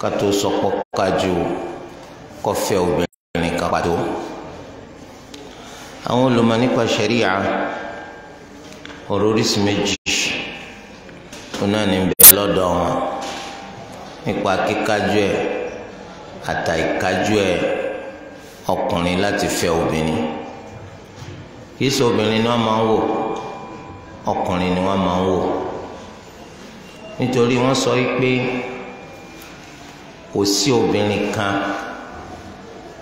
kátó sọpọ kájú kọfẹ obìnrin kan pàtó àwọn olùmọ̀ nípa ṣẹríya ọ̀rọ̀ oríṣi méjì ọ̀nà ní bẹ́ẹ̀ lọ́dọ̀ wọn nípa kíkájú ẹ̀ àtàìkájú ẹ̀ ọkùnrin láti fẹ́ obìnrin kìí obìnrin ni wọ́n máa ń wò ọkùnrin ni wọ́n máa ń wò nítorí wọ́n sọ pé kò sí obìnrin kan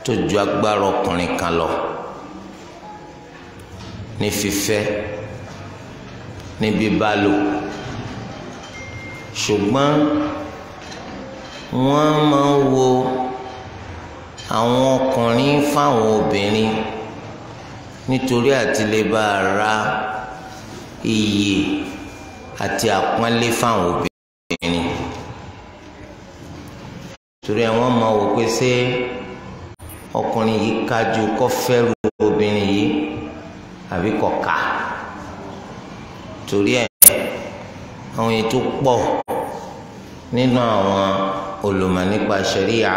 tó ju agbára ọkùnrin kan lọ ní fífẹ́ ní bíbálò ṣùgbọ́n wọ́n máa ń wo àwọn ọkùnrin fáwọn obìnrin nítorí àti lè bá ara iyì àti àpọ́nlé fáwọn obìnrin. torí àwọn máa wò pé ṣé ọkùnrin yìí kájú kó fẹ́rù obìnrin yìí àbí kò ká torí ẹ̀ àwọn èyí tó pọ̀ nínú àwọn olùmọ̀ nípa ṣẹ̀ríya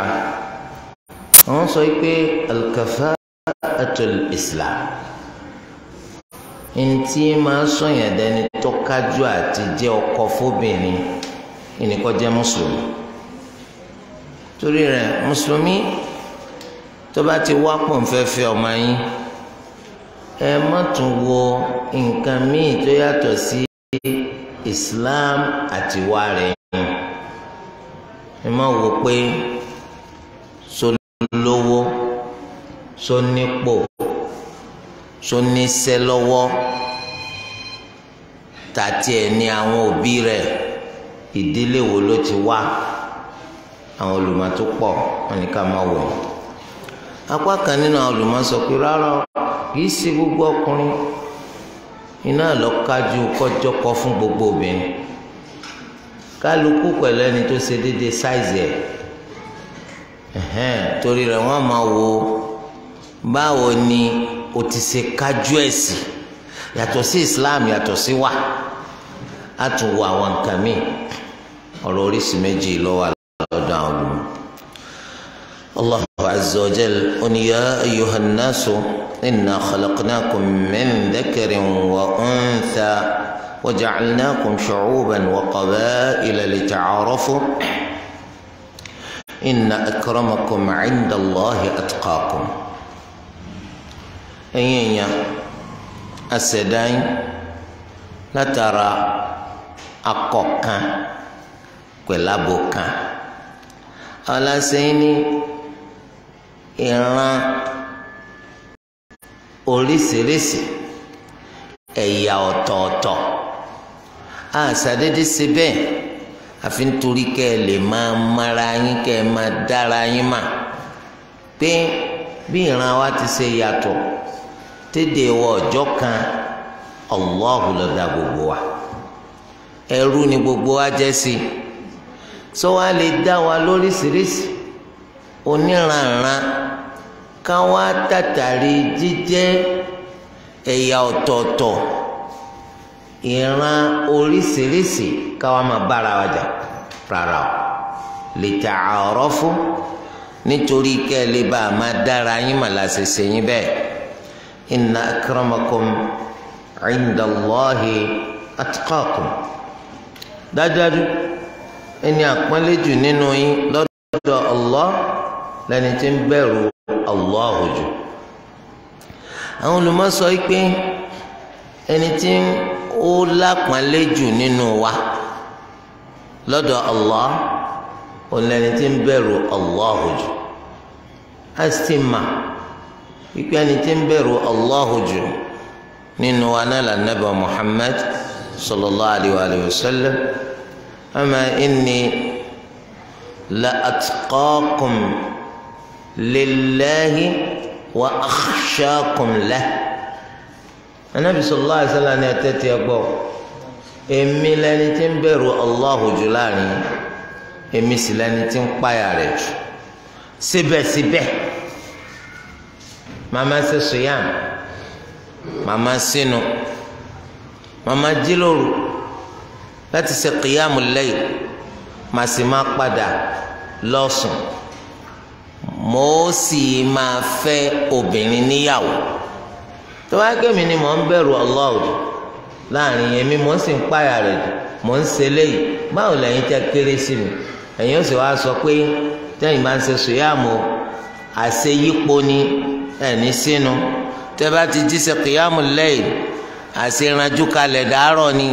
àwọn sọ pé alkafa atul islam ntí máa sọyàn dẹni tó kájú àti jẹ́ ọkọ fóbìnrin ẹnìkan jẹ́ mùsùlùmí torí rẹ̀ mùsùlùmí tó bá ti wá pọ̀ nfẹ́ fẹ́ ọmọ yín ẹ má tún wo nǹkan míì tó yàtọ̀ sí Islam àtiwá rẹ̀ yín ẹ má wo pé sólówó sónípò sóníṣẹ́ lọ́wọ́ tàtí ẹ̀ ní àwọn òbí rẹ̀ ìdílé wo ló ti wá. àwọn olùmọ̀ tó pọ̀ wọn ni ká máa wẹ̀ apá kan nínú àwọn olùmọ̀ sọ pé rárá kì í ṣe gbogbo ọkùnrin iná lọ́kájú kọjọkọ fún gbogbo obìnrin kálukú pẹ̀lú ẹni tó ṣe déédéé sáìzì ẹ̀ torí rẹ̀ wọ́n máa wo báwo ni o ti ṣe kájú ẹ̀sì yàtọ̀ sí Islam yàtọ̀ sí wa a tún wo àwọn nǹkan míì ọ̀rọ̀ oríṣi méjì ló wà. الله عز وجل أن يا أيها الناس إنا خلقناكم من ذكر وأنثى وجعلناكم شعوبا وقبائل لتعارفوا إن أكرمكم عند الله أتقاكم أيين أسدين لا ترى أقوكا بوكا aláṣẹ́yìn ní ìran oríṣiríṣi ẹ̀yà ọ̀tọ̀ọ̀tọ̀ àṣàdédé ṣe bẹ́ẹ̀ àfi nítorí kẹ́ ẹ lè máa mara yín kẹ́ ẹ máa dára yín mà pé bí ìran wa ti ṣe yàtọ̀ tédè wọ ọjọ́ kan Allahu ló dá gbogbo wa ẹrú ni gbogbo wa jẹ́ sí i sọ wá lè dá wa lóríṣiríṣi oníranran ká wá tàtàrí jíjẹ́ ẹ̀yà ọ̀tọ̀ọ̀tọ̀ ìran oríṣiríṣi ká wá máa bára wa jà rárá o lè tà àárọ̀ fún nítorí kẹ́ ẹ lè bá a máa dára yín mà láṣẹṣẹ yín bẹ́ẹ̀ inna akramakum indallahi atqakum dájúdájú ẹni àpọ́nlé jù nínú yín lọ́dọ̀ Allah lẹni tí ń bẹ̀rù Allah jù àwọn olùmọ̀sọ yìí pé ẹni tí ó lápọ́nlé jù nínú wa lọ́dọ̀ Allah òun lẹni tí ń bẹ̀rù Allah jù a sì mà wípé ẹni tí ń bẹ̀rù Allah jù nínú wa náà lànà bá Muhammad sallallahu alayhi wa sallam. أما إني لأتقاكم لله وأخشاكم له النبي صلى الله عليه وسلم أتتي أبو èmi lẹni tí ń bẹ̀rù Allahu jù láàrin èmi sì lẹni tí ń páyà rẹ̀ jù síbẹ̀síbẹ̀ màmá ṣe sùyàn màmá sínú màmá jílòrò. láti ṣe qiyamul layl màá sì máa padà lọ́sùn mo sì máa fẹ́ obìnrin níyàwó tó wáá kémi ni mò ń bẹ̀rù Allah láàrin yẹn mò ń sì ń páyà rẹ̀ mò ń ṣe léyìí báwo lẹ́yìn tẹ́ kéré sí mi ẹ̀yin ó sì sọ pé tẹ́yìn bá ń ṣe sùyàmù àṣeyípo ni ẹ̀ní sínú tẹ́ bá ti jí ṣe àṣeranjú kalẹ̀ dàárọ̀ ni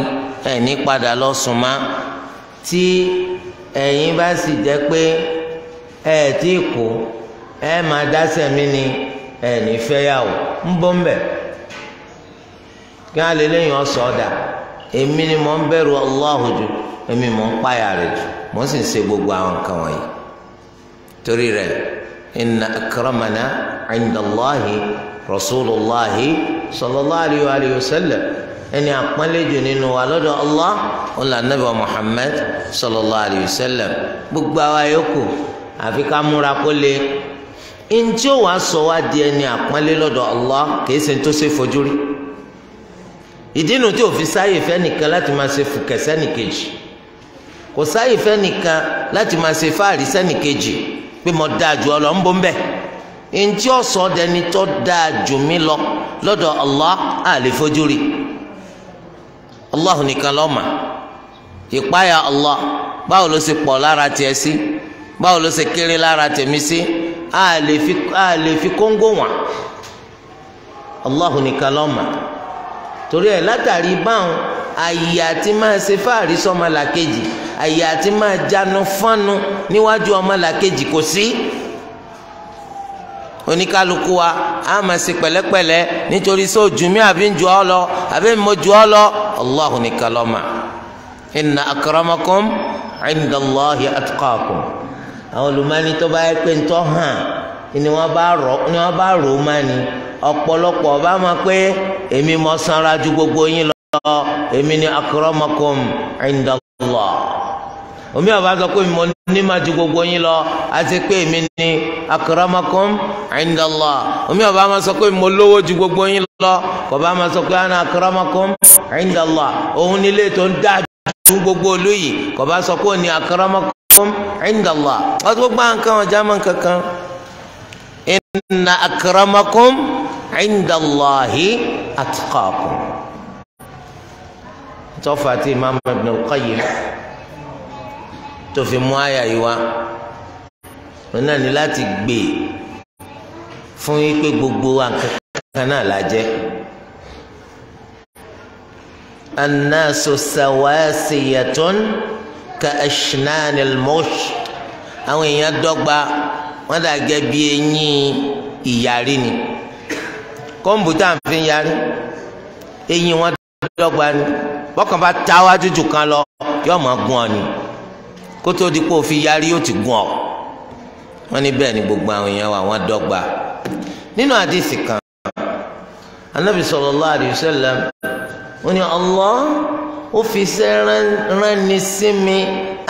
ẹ̀ní padà lọ sùn má tí ẹ̀yin bá sì jẹ́ pé ẹ̀ tí kò ẹ̀ máa dásẹ̀ mí ni ẹ̀ní fẹ́yàwó ń bọ́ ń bẹ̀ kí wọ́n lè léyìn ọ̀sọ̀ ọ̀dà èmi ni gbogbo àwọn nǹkan wọ̀nyí torí rẹ̀ sallallahu alayhi wa sallam ẹni àpọ́nlẹ́jù nínú wa lọ́dọ̀ Allah ọ̀là nàbà Muhammad sallallahu alayhi wa sallam gbogbo àwa yòókù àfi ká múra kó lè ntí ó wà sọ wá di ẹni àpọ́nlé lọ́dọ̀ Allah kìí ṣe tó ṣe fojú rí ìdínú tí òfin sáyè fẹ́ nìkan láti máa ṣe fùkẹ́ sẹ́nìkejì kò sáyè fẹ́ nìkan láti máa ṣe fáàrí sẹ́nìkejì pé mo dáa jù ọ lọ ń bọ́ ń bẹ̀ ntí ó sọ dẹni tó dáa jù mí lọ lọ́dọ̀ Allah àlè fojú rí Allah nìkan ló mọ̀ ìpáyà Allah báwo ló ṣe pọ̀ lára tiẹ̀ sí báwo ló ṣe kéré lára tèmi sí àlè fi àlè fi kóńgò wọn Allah nìkan ló mọ̀ torí ẹ̀ látàrí báwọn àyè àti máa ṣe fáàrí sọmọlàkejì àyè àti máa jánu fánu níwájú ọmọlàkejì kò sí. Si oníkálukú wa á máa ṣe pẹ̀lẹ́pẹ̀lẹ́ nítorí sọ ojú mi àbí ń ju ọ lọ àbí mo ju ọ lọ Allahu nìkan ló mọ̀ inna akramakum inda Allahi atqakum àwọn olùmọ́ni tó bá yẹ pé ń tọ́ hàn ni wọ́n bá rò ni wọ́n bá rò ó má ni ọ̀pọ̀lọpọ̀ ọba máa pé èmi mo sanra ju gbogbo yín lọ èmi ni akramakum inda Allah. omi ọba sọ pé mo ní ma ju gbogbo yín lọ àti pé èmi ni akramakum indallah omi ọba ma sọ pé mo lówó ju gbogbo yín lọ kọba ma sọ pé ana akramakum indallah òun nílé tó ń dá ju gbogbo olú yìí kọba sọ pé òun ni akramakum indallah ọtí gbogbo ọjà mọ kankan inna akramakum indallahi atqakum tọ́fà tí imaamu ibn al-qayyim tó fi mú àyà yìí wá òun náà ní láti gbè fún yín pé gbogbo wa kankan náà la jẹ́ annasu sawasiyatun ka ashnanil mush àwọn èèyàn dọ́gba wọ́n dà gẹ́ bí eyín ìyàrí ni kọ́mpútà fi yarí eyín wọn dọ́gba ni bọ́kàn bá ta kan lọ yóò máa gún ọ ni kó tó di pé òfin yarí yóò ti gún ọ wọn ní bẹ́ẹ̀ ni gbogbo àwọn èèyàn wa wọn dọ́gba nínú àdìsí kan anabi sallallahu alayhi wa sallam ó ní Allah ó fi iṣẹ́ ránni sí mi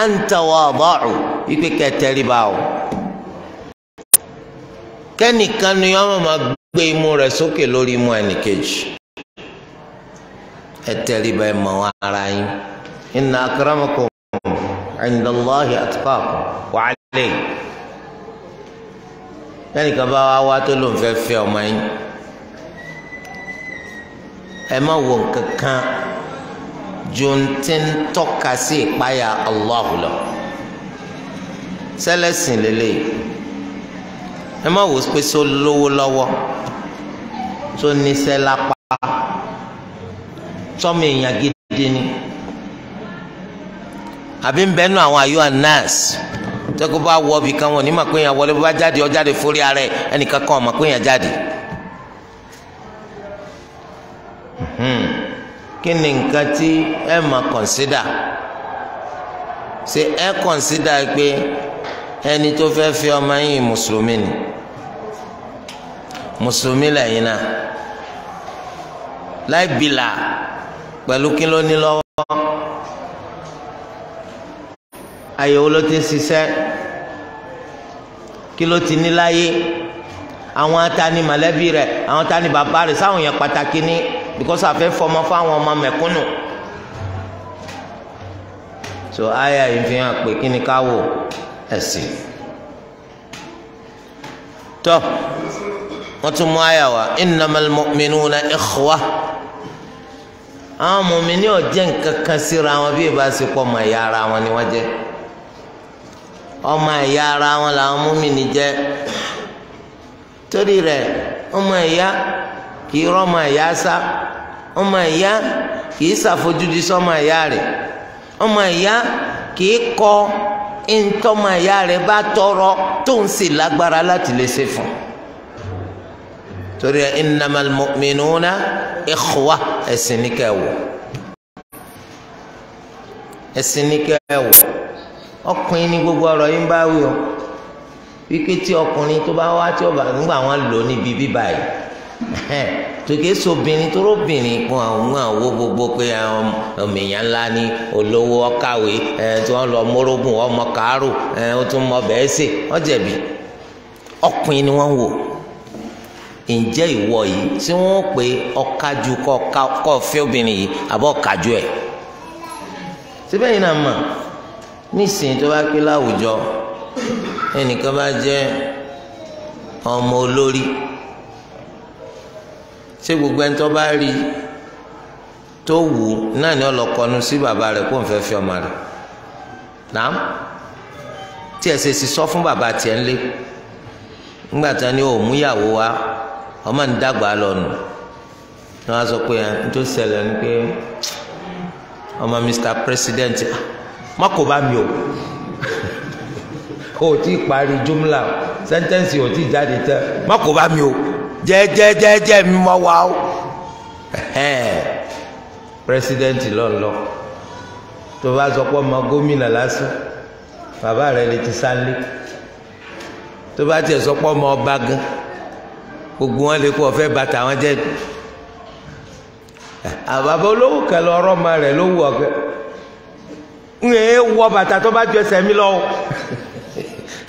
an tawadu ipe kẹtẹríba o kẹ́nìkan ni wọ́n máa gbé imú rẹ̀ sókè lórí imú ẹnìkejì ẹ tẹríba ẹ mọ̀ ara yín inna akramakum. عند الله أتقاكم وعليه ẹnìkan bá wá wá tó ló ń fẹ́ fẹ́ ọmọ yín ẹ má wo nǹkan kan ju ti ń tọ́ka sí ìpáyà Allah lọ sẹ́lẹ̀sìn lélẹ̀ ẹ má wo pé só lówó lọ́wọ́ tó níṣẹ́ lápá tọ́mọ èèyàn gidi ni. So àbí ń bẹnu àwọn àyọ anas tẹ́kọ̀ bá wọ ibì kan wọn ní màpé yàn wọlé bó bá jáde ọ jáde fórí ara ẹ ẹnìkan kan màpé yàn jáde. Hmm. kí ni nǹkan tí ẹ máa kọ̀nsídà ṣe ẹ kọ̀nsídà pé ẹni tó fẹ́ fi ọmọ yín mùsùlùmí ni mùsùlùmí lẹ́yìn náà láì bìlà pẹ̀lú kí ló ní lọ́wọ́ àyẹ̀wò ló ti ń ṣiṣẹ́ kí ló ti ní láyé àwọn atani mọ̀lẹ́bí rẹ̀ àwọn atani bàbá rẹ̀ sáwọn yẹn pàtàkì ní because àfẹ́ fọmọ fáwọn ọmọ mẹ̀kúnnù so aya yìí fi hàn pé kí ni ká wò ẹ̀sìn tó wọ́n tún mú aya wa innamal mu'minuna ikhwa àwọn mọ̀mí ni ọ̀jẹ̀ nǹkan kan síra wọn bí ìbá ṣe pọ̀ mọ̀ ẹ̀yà ara wọn ni wọ́n jẹ́ ọmọ ìyá ara wọn làwọn múmìnì jẹ́ torí rẹ̀ ọmọ ìyá kì í rọ́mọ ìyá sá ọmọ ìyá kì í ṣàfojúdi sọ́mọ ìyá rẹ̀ ọmọ ìyá kì í kọ ntọ́mọ ìyá rẹ̀ bá tọrọ tó ń sì lágbára láti lè ṣe fún torí ẹ innamal mu'minuna ikhwa ẹ̀sìn ní kẹ́ wò ẹ̀sìn ní kẹ́ wò. ọkùnrin ní gbogbo ọrọ yìí ń bá wí o wípé tí ọkùnrin tó bá wá tí ọba nígbà wọn lò níbi bíbá yìí tòkè sobìnrin tó róbìnrin àwọn gbogbo pé ọmọ èèyàn ńlá ni olówó ọkàwé tí wọn lọ mórógùn ọmọ kàárò ó tún mọ sè ọkùnrin wọn wò ǹjẹ́ ìwọ yìí tí wọ́n kọ́ obìnrin yìí àbọ̀ nísìnyí tó bá pé láwùjọ ẹnìkan bá jẹ́ ọmọ olórí ṣé gbogbo ẹni tó bá rí tó wù ú náà ni ọlọkọnu sí bàbá rẹ̀ kó n fẹ́ fi ọmọ rẹ̀ nàám tí ẹ ṣe sì sọ fún bàbá tiẹ̀ ń lé nígbà tí wọn ní òun múyàwó wa ọmọ ń dàgbà lọ́nu ni wọn sọ pé ẹ ń tó ṣẹlẹ̀ ni pé ọmọ Mr. President ah, má kò bá mi o o ti parí jumla sẹ́ńtẹ́ǹsì o ti jáde tẹ́ má kò bá mi o jẹ́jẹ́jẹ́jẹ́ mi mọ́ wa o pírẹsidẹ́ǹtì lọ́nlọ́ tó bá sọ pé ọmọ gómìnà lásán bàbá rẹ lè ti sálé tó bá tiẹ̀ sọ pé ọmọ ọba gan gbogbo wọn lè kó ọ̀fẹ́ bàtà wọn jẹ́ àbàbà olówó kan lọ ọmọ rẹ lówó ọ̀gbẹ́ ń ẹ wọ bàtà tó bá ju ẹsẹ̀ mi lọ.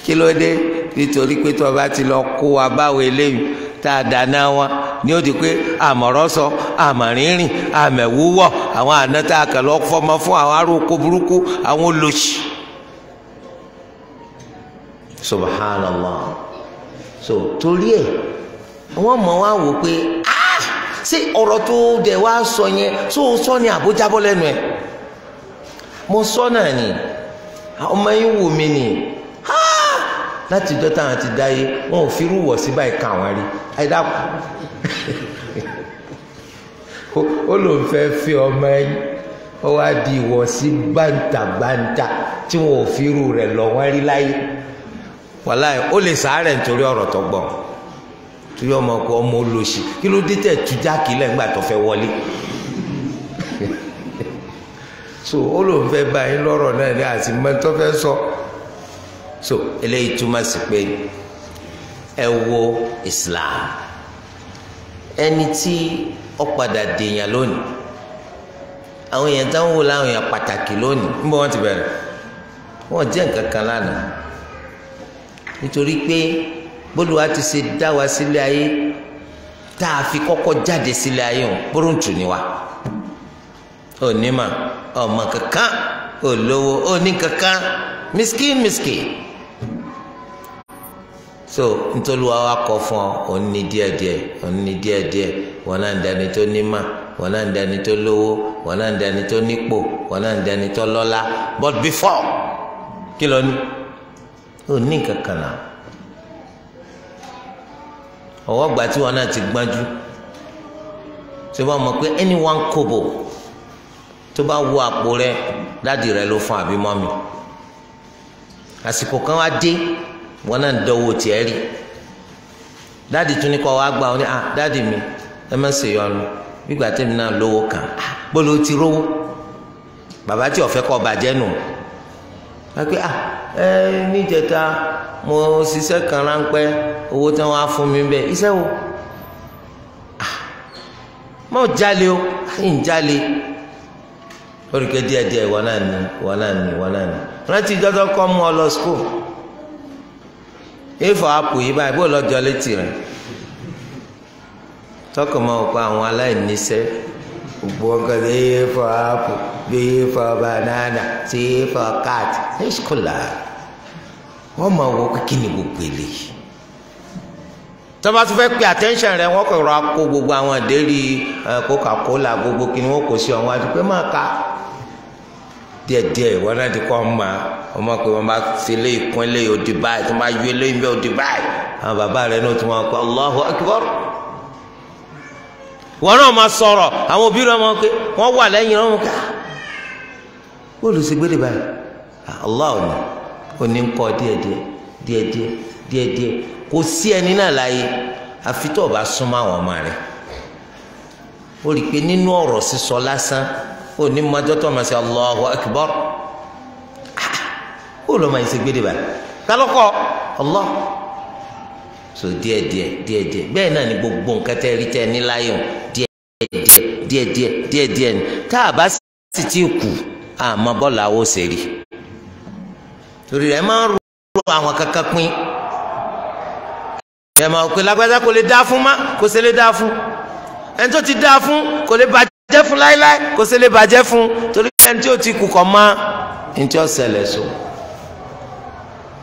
kí ló dé nítorí pé tó o bá ti lọ kó wa báwo eléyìí tá a dáná wọn ni ó di pé àmọ̀rọ̀ sọ àmọ̀rìnrìn àmẹ̀wúwọ̀ àwọn àna tá a kàn fọmọ fún àwọn aróko burúkú àwọn olóṣì. subhanallah so torí ẹ wọn mọ wá wò pé ah! ṣé ọ̀rọ̀ tó dẹ̀ wá sọ yẹn tó sọ ni àbójábọ́ lẹ́nu ẹ̀ mo sọ náà ni ọmọ yín wù mí ni láti jọ táwọn ti dáyé wọn ò fi rúwọ̀ sí báyìí ká àwọn rí ẹ dákun ó lóun fẹ́ fi ọmọ yín ó wá di ìwọ̀sí bàǹtàbàǹtà tí wọn ò fi irú rẹ̀ lọ wọ́n rí láyé wàláyé ó lè sàárẹ̀ nítorí ọ̀rọ̀ tó gbọ̀n torí ọmọ ọkọ ọmọ olóṣì kí ló dé tẹ̀ tú jákìí lẹ́gbàá tó fẹ́ wọlé so ó lòun fẹ́ bá yín lọ́rọ̀ náà ní àti mọ́tò fẹ́ sọ so eléyìí túmọ̀ sí pé ẹ wo Islam ẹni tí ó padà dèèyàn lónìí àwọn èèyàn táwọn wò láwọn èèyàn pàtàkì lónìí níbo wọn ti bẹ̀rẹ̀ wọn jẹ́ nǹkan kan lánàá nítorí pé bólúwa ti ṣe dá wa sílé ayé tá a fi kọ́kọ́ jáde sílé ayé òun pọ́rọ̀ǹtù ni wa onímà ọmọ kankan olówó oní kankan miskin miskin so ntoluwa wa kọ fún ọ òun ní díẹ̀díẹ̀ òun ní díẹ̀díẹ̀ wọn náà ń dání tó nímà wọn náà ń dání tó lówó wọn náà ń dání tó nípò wọn náà ń dání tó lọ́lá but before kí ló ní òní kankan náà ọwọ́ gbà tí wọn náà ti gbájú ṣé wọ́n mọ̀ pé anyone kobo tó bá wo àpò rẹ dáàdi rẹ ló fún àbí mọ́mì àsìkò kan wá dé wọn náà dánwò tiẹ̀ rí dáàdi tún ní kọ́ wá gbà wọn ni ah dáàdi mi ẹ má ṣe yọnu gbígbà tẹ́mi náà lówó kan bọ́lá ó ti rówó bàbá tí ọ̀fẹ́ kọ́ bàjẹ́ nù wọ́n pe ah ẹ níjẹta mo ṣiṣẹ́ kan ráńpẹ́ owó tí wọ́n á fún mi bẹ́ẹ̀ iṣẹ́ wo ah mọ̀ jalè o àyìn jalè lórúkẹ díẹ̀ díẹ̀ ìwọ náà ní ìwọ náà ní ìwọ náà ní rántí ìjọsọ kọ mú ọ lọ skul ìfọ apò yìí báyìí bó lọjọ létí rẹ tọkọ máa kọ àwọn aláìníṣẹ́ gbogbo ọgọdẹ ìfọ apò bí banana sí ìfọ cat ìṣkùlà wọn máa wọ kíkìnì gbogbo eléyìí tọ́ba tún fẹ́ pe attention rẹ wọ́n kọ̀ rọ akó gbogbo àwọn àdéhìí coca cola gbogbo kí ni wọ́n kò sí ọ̀hún àti pé máa ka díẹ̀díẹ̀ wọn náà ti kọ́ ọmọ ọmọ pé wọ́n bá fi eléyìí kún tó máa yọ eléyìí bẹ́ẹ̀ òdì àwọn bàbá náà náà máa sọ̀rọ̀ àwọn òbí pé wà lẹ́yìn ká ah. ah, ni kò sí ẹni náà bá súnmọ́ àwọn ọmọ i pé nínú ó ní mọ́jọ́tọ̀ màsí Allahu akbar ah, ah, ó lọ́ máa ń ṣe gbéde báyìí kálọ́kọ́ Allah so díẹ̀ díẹ̀ díẹ̀ díẹ̀ bẹ́ẹ̀ náà ni gbogbo nǹkan tẹ́ rí tẹ́ ní láyọ̀ díẹ̀ díẹ̀ díẹ̀ díẹ̀ díẹ̀ díẹ̀ ni tá a bá sì ti kù àmọ́ bọ́ọ̀lù àwọn òsè rí torí rẹ̀ máa ń ro àwọn kankan pín ẹ̀ máa pè lágbájá kò lè dá fún má kò sì lè dá fún ẹni tó ti dá fún kò lè bàjẹ́ bàjẹ́ fún láíláí kò sí lè bàjẹ́ fún torí ẹni tí ó ti kú kọ́ mọ́ ẹni tí ó ṣẹlẹ̀ so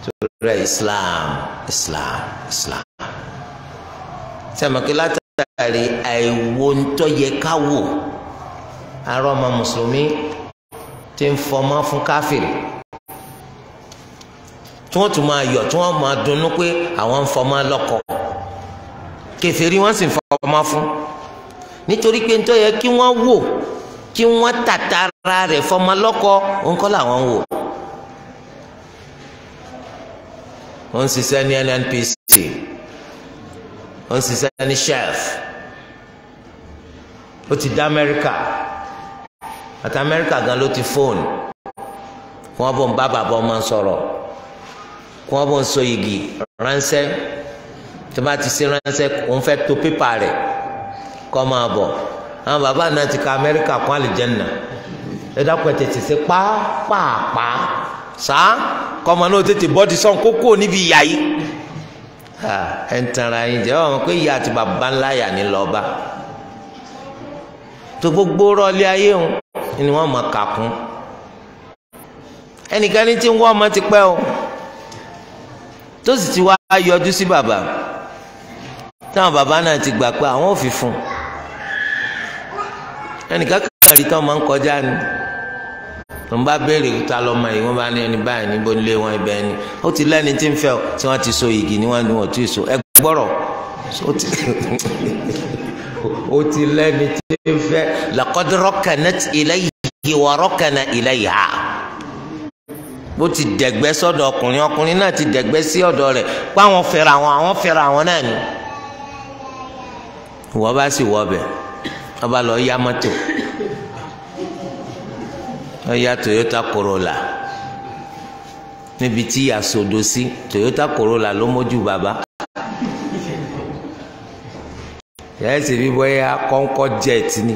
torí ẹ Islam Islam Islam sẹ́mọ̀kí látàrí àìwo ńtọ́ yẹ ká wò arọ́ ọmọ mùsùlùmí ti ń fọmọ́ fún káfíìn tí wọ́n tún máa yọ̀ tí wọ́n máa dunnú pé àwọn ń fọmọ́ lọ́kọ kèfèrí wọ́n sì ń fọmọ́ fún nítorí pé nítorí yẹ kí wọ́n wò kí wọ́n tàtàrà rẹ̀ fọmọlọ́kọ ńkọ́ làwọn wò. ó ń ṣiṣẹ́ ní NNPC ó ń ṣiṣẹ́ ní chef ó ti dá Amẹ́ríkà àti Amẹ́ríkà gan ló ti fóònù kí wọ́n bọ̀ ń bá bàbá ọmọ sọ̀rọ̀ kí wọ́n bọ̀ ń so igi ránṣẹ́ tó bá ti ṣe ránṣẹ́ òun fẹ́ to pépà rẹ̀ kọ́ máa bọ̀ àwọn bàbá náà ti ka amẹ́ríkà kún àlìjẹ́nà ẹ dákun ẹ tètè ṣe pàápàá sá kọ́mọ náà tètè bọ́dì sọ́n kókó níbi ìyá yìí ẹ̀ ń tanra yín jẹ́ ọ̀hún pé ìyá àti bàbá ńlá yà ní lọ́ba tó gbogbo rọlé ayé òun ni wọ́n mọ̀ kàkún ẹnìkan ní tí ń wọ́n ọmọ ti pẹ́ o tó sì ti wá yọjú sí bàbá táwọn bàbá náà ti gbà pé àwọn ò fi fún un ẹnìkan kàrí tán máa ń kọjá ni wọn bá béèrè ta lọmọ yìí wọn bá ní ẹni báyìí níbo nílé wọn ibẹ̀ ni ó ti lẹni tí ń fẹ́ ọ tí wọn ti so igi ni wọn ni wọn ò tí ì so ẹ gbọrọ ó ti lẹni tí ń fẹ́ laqad rakanat ilayhi wa rakana ilayha bó ti dẹ̀gbẹ́ sọ́dọ̀ ọkùnrin ọkùnrin náà ti dẹ̀gbẹ́ sí ọ̀dọ̀ rẹ̀ pé àwọn fẹ́ra àwọn àwọn fẹ́ra àwọn náà ni wọ́n bá sì wọ́ bẹ̀ ọba lọ ya mọ́tò ọya Toyota Corolla níbi tí àsọdọ sí Toyota Corolla ló mójú bàbá yẹ́sì bí bóyá kọ́ńkọ́ jet ni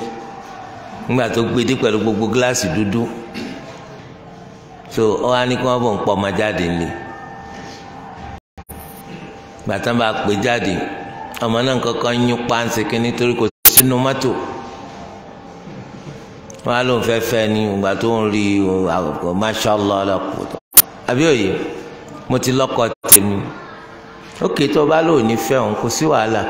nígbà tó gbedé pẹ̀lú gbogbo gíláàsì dúdú so ọ wá ní kí wọ́n bọ̀ ń pọ̀ ọmọ jáde ńlẹ̀ gbàtà bá pè jáde ọmọ náà kọ́kọ́ ń yún pánsì kí nítorí kò sínú mọ́tò wọn á lóun fẹ́ẹ́ fẹ́ ni ìgbà tó ń rí àgọ̀gọ̀ mashallah ọlọ́kùn tó. àbí òye mo ti lọ́kọ tèmi ókè tó bá lóun ní fẹ́ òun kò sí wàhálà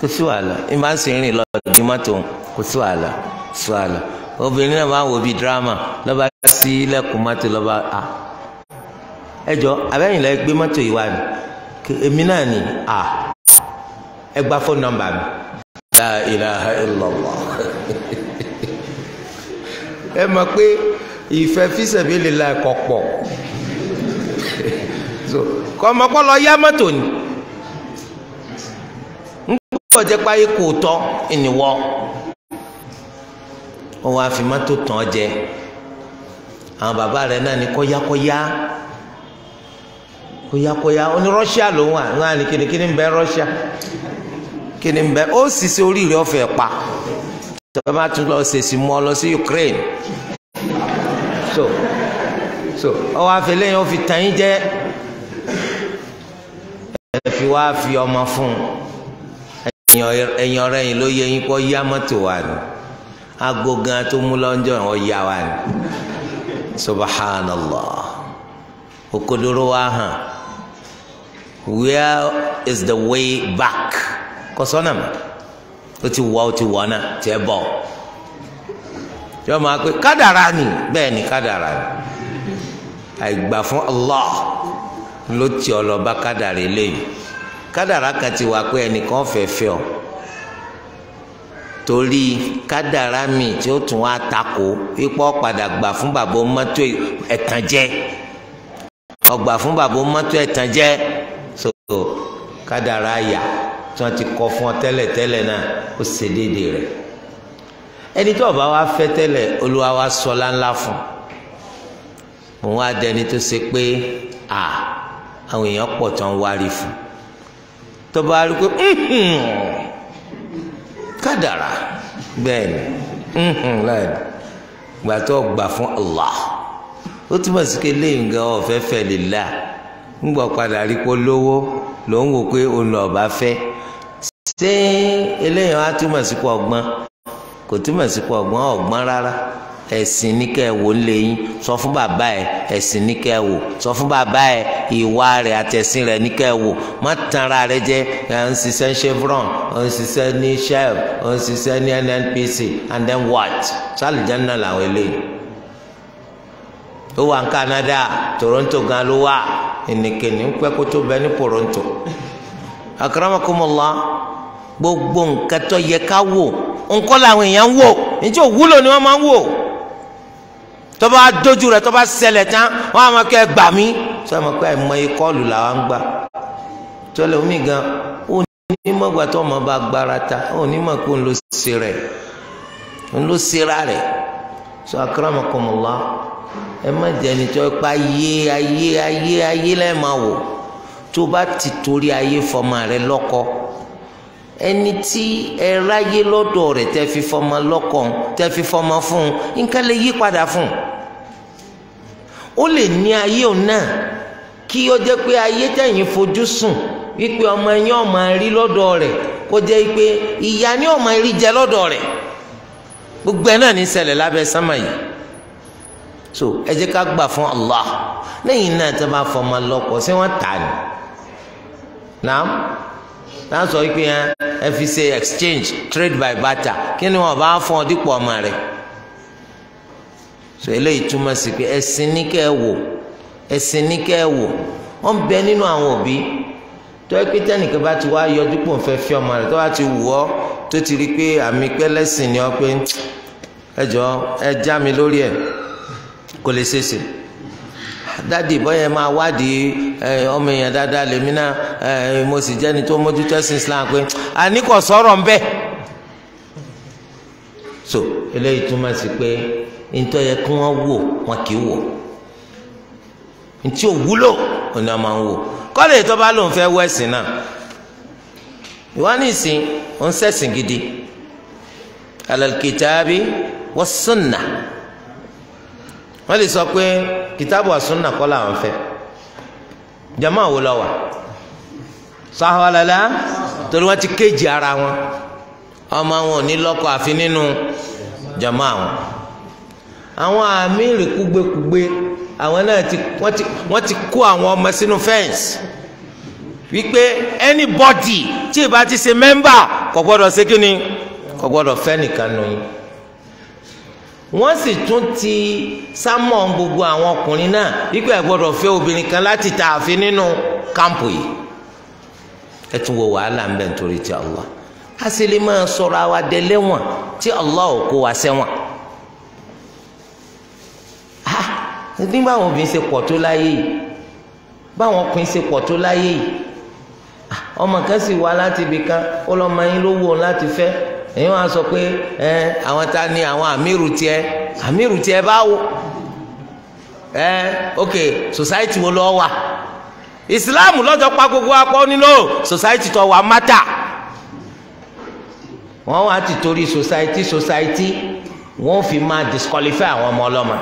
kò sí wàhálà ẹ máa ń sìn rìn lọ ju mọ́tò kò sí wàhálà sí wàhálà obìnrin náà máa wò bíi dírámà lọ́ba sí lẹ́kùn mọ́tò lọ́ba à ẹ jọ abẹ́yìn lẹ́ gbé mọ́tò yìí wá mi èmi náà ni a. ẹ gba fóònù nọ́mbà mi. la ilaha illallah ẹ mọ̀ pé ìfẹ́ fisabilillah ẹ̀kọ́ pọ̀ kọ́mọkọ́lọ́ yá mọ́tò ni nígbà jẹ́ páyé kò tọ́ ìníwọ́ ó fi mọ́tò jẹ àwọn bàbá rẹ̀ náà ní kọ́yákọ́yá kọ́yákọ́yá ó ní rọ́ṣíà lòun à ń wá ní bẹ rọ́ṣíà. kí ni bẹ ó sì ṣe orí pa tọ́ba bá tún lọ ṣèṣì mọ́ lọ sí Ukraine so so ọwọ́ àfẹlẹ́ yẹn ó fi tàn yín jẹ́ fi wá fi ọmọ fún ẹ̀yìn ló yẹ yín kó yá mọ́tò wa ni aago gan tó mú lọ́njọ́ yẹn ó yá wa ni subhanallah òkodoro wa hàn where is the way back kọsọ́nà mọ́ ó ti wọ́ ó ti wọ́ náà tiẹ̀ bọ̀ yọ máa pé kádàrá ni bẹ́ẹ̀ ni kádàrá ni àìgbà fún Allah ló ti ọ lọ bá kádàrá eléyìí kádàrá kan ti wà pé ẹnìkan fẹ́ fẹ́ ọ torí kádàrá mi tí ó tún wá takò ipò padà gbà fún bàbá mọ́tò ẹ̀tànjẹ́ ọgbà fún bàbá mọ́tò ẹ̀tànjẹ́ so kádàrá yà tí wọ́n ti kọ fún ọ tẹ́lẹ̀ tẹ́lẹ̀ náà ó ṣe déédéé rẹ̀ ẹni tó bá wa fẹ́ tẹ́lẹ̀ olúwa wa sọ láńlá fún òun á dẹni tó ṣe pé à àwọn èèyàn pọ̀ tó ń wárí fún tó bá rí pé kádàrà bẹ́ẹ̀ ni gbà tó gbà fún Allah ó túmọ̀ sí pé lẹ́yìn gan ọ̀fẹ́ fẹ́ lè la ń gbọ́ padà rí pé lówó lòun wò pé òun lọ́ọ́ bá fẹ́ ṣé eléyìí wá túmọ̀ sí kó ọgbọ́n kò túmọ̀ sí kó ọgbọ́n ọgbọ́n rárá ẹ̀sìn ní kẹ́ ẹ wò ńlẹ̀ yín sọ fún bàbá ẹ ẹ̀sìn ní kẹ́ ẹ wò sọ fún bàbá ẹ ìwà rẹ̀ àtẹ̀sìn rẹ̀ ní kẹ́ ẹ wò má tanra rẹ jẹ ẹ ń ṣiṣẹ́ Chevron ẹ ń ṣiṣẹ́ ní Shell ẹ ń ṣiṣẹ́ ní NNPC and then what sálìjánná làwọn eléyìí ó wà ní Canada Toronto gan ló wà ẹnìkẹ́ni ń pẹ́ kó tó bẹ ní Toronto akramakumullah gbogbo nǹkan tó yẹ ká wò nǹkan làwọn èèyàn ń wò níjẹ́ òwúlò ni wọ́n máa ń wò tó bá dojú rẹ̀ tó bá ṣẹlẹ̀ tán wọ́n á máa kẹ́ gbà mí sọ ma pé àìmọye kọ́ọ̀lù làwọn ń gbà tọ́lẹ̀ omi gan ó ní mọ̀gbà tó ọmọ bá gbára ta ó ní mọ̀ pé òun ló ṣe rẹ̀ òun ló ṣera rẹ̀ sọ akramakumullah ẹ má jẹ́ ẹni tó pa ayé ayé ayé ayé lẹ́ẹ̀ máa wò tó bá ti torí ayé fọmọ rẹ̀ lọ́kọ ẹni tí ẹ ráyé lọ́dọ̀ rẹ̀ tẹ́ fi fọmọ lọ́kàn tẹ́ fi fọmọ fún un nǹkan lè yí padà fún un ó lè ní ayé òun náà kí ó jẹ́ pé ayé tẹ̀yìn fojú sùn wípé ọmọ ẹ̀yìn ọmọ rí lọ́dọ̀ rẹ̀ kó jẹ́ pé ìyá ní ọmọ rí jẹ lọ́dọ̀ rẹ̀ gbogbo ẹ náà ní ṣẹlẹ̀ lábẹ́ sánmà yìí so ẹ jẹ́ ká gbà fún Allah lẹ́yìn náà tẹ́ bá fọmọ lọ́kọ sí wọ́n tà ní. táwọn sọ wípé ẹ fi exchange trade by barter kí ni wọn bá fún ọ dípò ọmọ so eléyìí túmọ̀ sí pé ẹ̀sìn ní kẹ́ ẹ wò ẹ̀sìn ní kẹ́ ẹ wò wọ́n bẹ nínú àwọn òbí tó ẹ pé tẹnìkan bá ti wá yọjú pò ń fẹ́ fi ọmọ rẹ tó bá ti wù ọ́ tó ti rí i pé àmì pẹ́lẹ́sìn ni ọ pé ẹ jọ lórí ẹ kò lè ṣeéṣe dadi bọ́yẹ̀ máa wádìí ọmọ èèyàn dáadáa lèmi náà mo sì jẹ́ni tó mójútó ẹ̀sìn Islam pé àní kò sọ̀rọ̀ so eléyìí túmọ̀ sí pé ntọ́ yẹ kí wọ́n wò wọn kì í wò ntí ò wúlò òní ọmọ ń wò kọ́lé tó bá lòun fẹ́ wẹ̀sìn náà ìwọ nísìn ò ń ṣẹ̀sìn gidi alal kitabi was sunnah wọ́n lè sọ pé kìtàbù àsúnà kọ́ làwọn fẹ́ jama wo lọ wà sahawalala torí wọn ti kéjì ara wọn ọmọ wọn ò ní lọ́kọ àfi nínú jama wọn àwọn àmì ìrìkúgbèkúgbè àwọn náà ti wọn ti kó àwọn ọmọ sínú fẹ́ǹsì wípé anybody tí ì bá ti ṣe mẹ́mbà kò gbọ́dọ̀ ṣe kí ni kò gbọ́dọ̀ nù yín wọ́n sì tún ti sámọ̀ gbogbo àwọn ọkùnrin náà wípé ẹ gbọ́dọ̀ fẹ́ obìnrin kan láti ta àfi nínú kámpù yìí ẹ tún wo wàhálà ń bẹ nítorí ti Allah a sì lè máa sọ̀rọ̀ àwa dẹlẹ́wọ̀n tí Allah ò kó wa sẹ́wọ̀n ní báwọn obìnrin ṣe pọ̀ tó láyé yìí báwọn ọkùnrin ṣe pọ̀ tó láyé yìí ọmọ kan sì wá láti ibì kan ó lọ́ọ́ máa yín ló láti fẹ́ èyí wọn sọ pé ẹ àwọn ta ni àwọn àmírù tiẹ àmírù tiẹ báwo ẹ ok society wo lọ wà islam lọ́jọ́ pa gbogbo apá onílò society tó wà mátà wọ́n wá ti torí society society wọ́n fi máa disqualify àwọn ọmọ ọlọ́mọ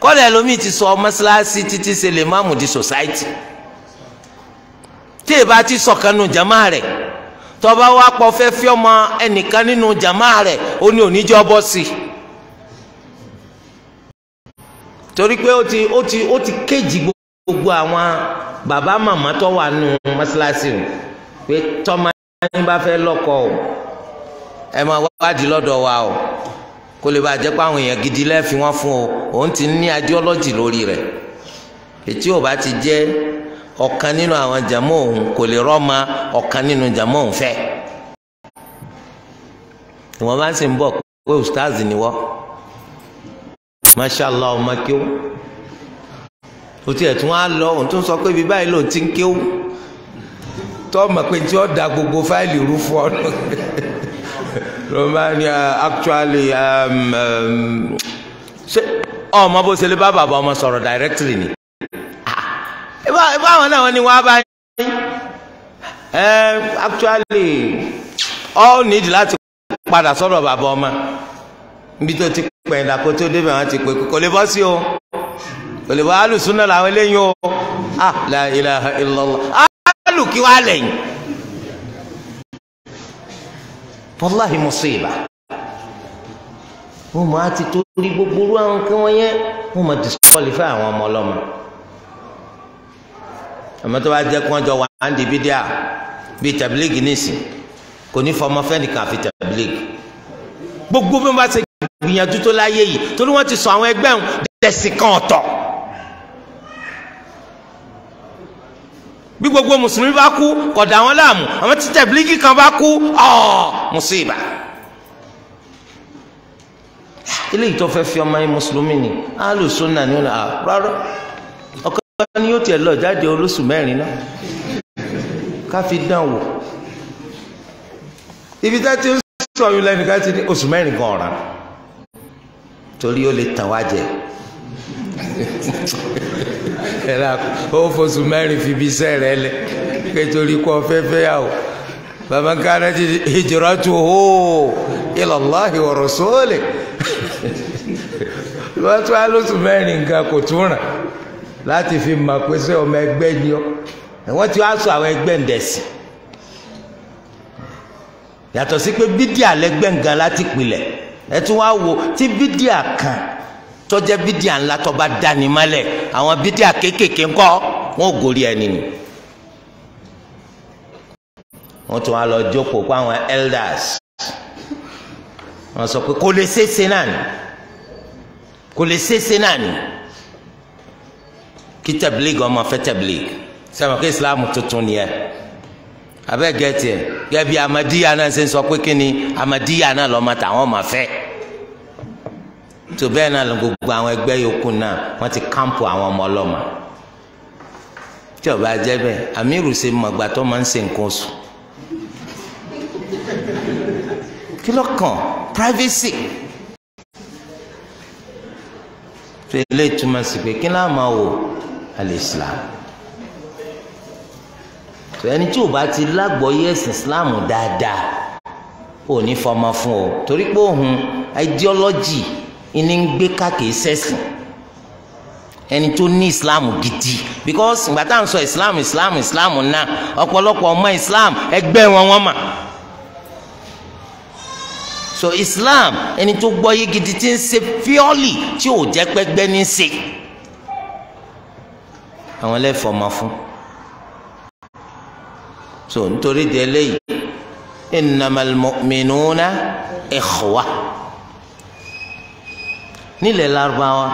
kọ́lẹ̀ lómi ti sọ mọ́ṣáláṣí títí ṣe lè máàmù di society tí èbá ti sọ̀kan nù jama rẹ̀ tọba wa pọ fẹ́ fi ọmọ ẹnìkan nínú jàmá rẹ̀ ó ní oníjọ bọ sí torí pé ó ti ó ti ó ti kéjì gbogbo àwọn bàbá màmá tó wà nù mọ́ṣáláṣí o pé tọ́mọ ẹni bá fẹ́ lọ́kọ o ẹ máa wádìí lọ́dọ̀ wa o kó lè bàa jẹ́ pé àwọn èèyàn gidi lẹ́ẹ̀fin wọn fún o òun ti ní ideology lórí rẹ̀ ètí ò bá ti jẹ́ ọ̀kan nínú àwọn jàmọ́ òun kò lè rọ́ọ̀mà ọ̀kan nínú jàmọ́ òun fẹ́ ìwọ̀n bá sì ń bọ̀ pé ustaz ni wọ́ mashallah ọmọ kí ó o tiẹ̀ tún á lọ òun tún sọ pé ibi báyìí lòun ti ń kí ó tọ́ pé tí ó da gbogbo fáìlì rú fún ọ romania ah, actually um, um, ṣé ọmọ bó ṣe lè bá bàbá ọmọ sọ̀rọ̀ directly ni. ìbá àwọn náà ni wọ́n á bá yín actually all need láti padà sọ̀rọ̀ bàbá ọmọ níbi tó ti pẹ̀ ìdàkó tó débẹ̀ ti pè kò lè bọ́ sí o kò lè bọ́ alùsùn làwọn eléyìí o ah la ilaha illallah alùkí wa lẹ́yìn wàláhi mùsíbà wọ́n mọ̀ á ti torí gbogbo àwọn kí wọ́n yẹ wọ́n ma disqualify àmọ́ tó bá jẹ́ kí wọ́n jọ wà á ń di bídíà bíi tabiligi nísìn kò ní fọmọ fẹ́nìkan àfi tabiligi gbogbo bí wọ́n bá ṣe gbìyànjú tó láyé yìí torí wọ́n ti sọ àwọn ẹgbẹ́ òun dẹ̀sìn kan ọ̀tọ̀ bí gbogbo mùsùlùmí bá kú kò dà láàmú àwọn tí tabiligi kan bá kú ọ̀ mùsíbà eléyìí tó fẹ́ fi ọmọ yín mùsùlùmí ni alùsùn náà ni ó là ah, rárá tiẹ̀ lọ jáde olóṣù mẹ́rin náà ká fi dán wò ibi tá ti ń sọ yìí lẹ́nìkan ti ní oṣù mẹ́rin kan ọ̀ràn torí ó lè tàn wá jẹ ẹ̀rọ ó fọṣù mẹ́rin fi bí iṣẹ́ rẹ lẹ kẹtòrí kọ fẹ́fẹ́ yà o bàbá gánà ti hijratuhu ila Allahi wa rasulih wọ́n tún á lóṣù mẹ́rin nǹkan kò tún ràn láti fi mọ̀ pé sẹ́ ọmọ ẹgbẹ́ ni ọ wọ́n ti wá sọ àwọn ẹgbẹ́ ń dẹ̀sì yàtọ̀ sí pé bídíà lẹ́gbẹ́ nǹkan láti pilẹ̀ ẹ tún wá wo tí bídíà kan tọ́jẹ́ bídíà ńlá tó bá dání mọ́lẹ̀ àwọn bídíà kéékèèké ńkọ́ wọn ò gòrí ẹni nì wọ́n tún wá lọ jókòó pa àwọn elders wọ́n sọ pé kò lè ṣeéṣe náà ni kò lè ṣeéṣe náà ni kí tẹ̀blíg ọmọ fẹ́ tẹ̀blíg sẹ́wọ̀n kí islam tuntun nìyẹn abẹ́ gẹ̀ẹ́tì ẹ̀ gẹ́gẹ́ bí náà ṣe ń sọ pé kí ni amadiya náà lọ́mọ tàwọn ọmọ fẹ́ tó bẹ́ẹ̀ náà lọ gbogbo àwọn ẹgbẹ́ yòókù náà wọ́n ti kámpù àwọn ọmọ ọlọ́mọ tí ọba jẹ́ bẹ́ẹ̀ amiru ṣe mọ̀gbà tó máa ń ṣe nǹkan oṣù kí ló kàn privacy tó ilé ìtumọ̀ sí pé kí ló máa wò al-islam ẹni tí o bá ti lágbọ́yé ẹ̀sìn islam dáadáa ò ní fọmọ fún o torí pé òun ideology ìní ń gbé káàkiri sẹ́sìn ẹni tó ní islam gidi because ìgbà tá à ń sọ islam islam islam náà ọ̀pọ̀lọpọ̀ ọmọ islam ẹgbẹ́ wọn wọ́n mà so islam ẹni tó gbọ́yé gidi ti ń ṣe fíọ́lì tí ò jẹ́ pẹ́gbẹ́ ní í ṣe àwọn ẹlẹ́fọ̀ọ́ máa fún so nítorí di eléyìí innamal mu'minuna ikhwa nílẹ̀ Lárúbáwá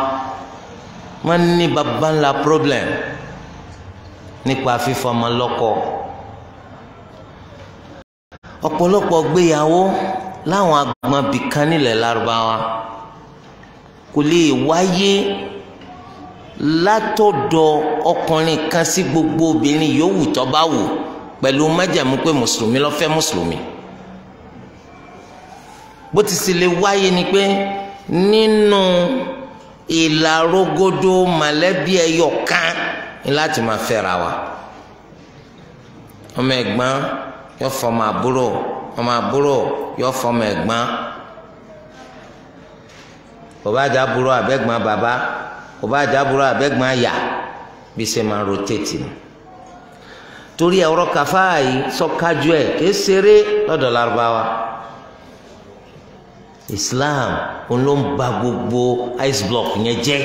wọ́n ní baba ńlá problem nípa fífọmọ lọ́kọ ọ̀pọ̀lọpọ̀ gbéyàwó láwọn agbọ̀n bìkan nílẹ̀ Lárúbáwá kò lè wáyé látọ̀dọ̀ ọkùnrin kan sí gbogbo obìnrin yòówù tó bá wù pẹ̀lú májàmú pé mùsùlùmí ló fẹ́ mùsùlùmí bó ti sì lè wáyé ni pé nínú ìlàrógódó mọ̀lẹ́bí ẹyọ kan ni láti máa fẹ́ra wa ọmọ ẹ̀gbọ́n yóò fọmọ àbúrò ọmọ àbúrò yóò fọmọ ẹ̀gbọ́n bàbá àdàbúrò àbẹ̀gbọ́n bàbá kò bá jábúrò abẹ́gbọ́n àyà bí ṣe máa rotate ni torí ọ̀rọ̀ kàfáà yìí sọ́kájú ẹ̀ kìí ṣeré lọ́dọ̀ lárúbáwá Islam òun ló ń ba gbogbo ice block yẹn jẹ́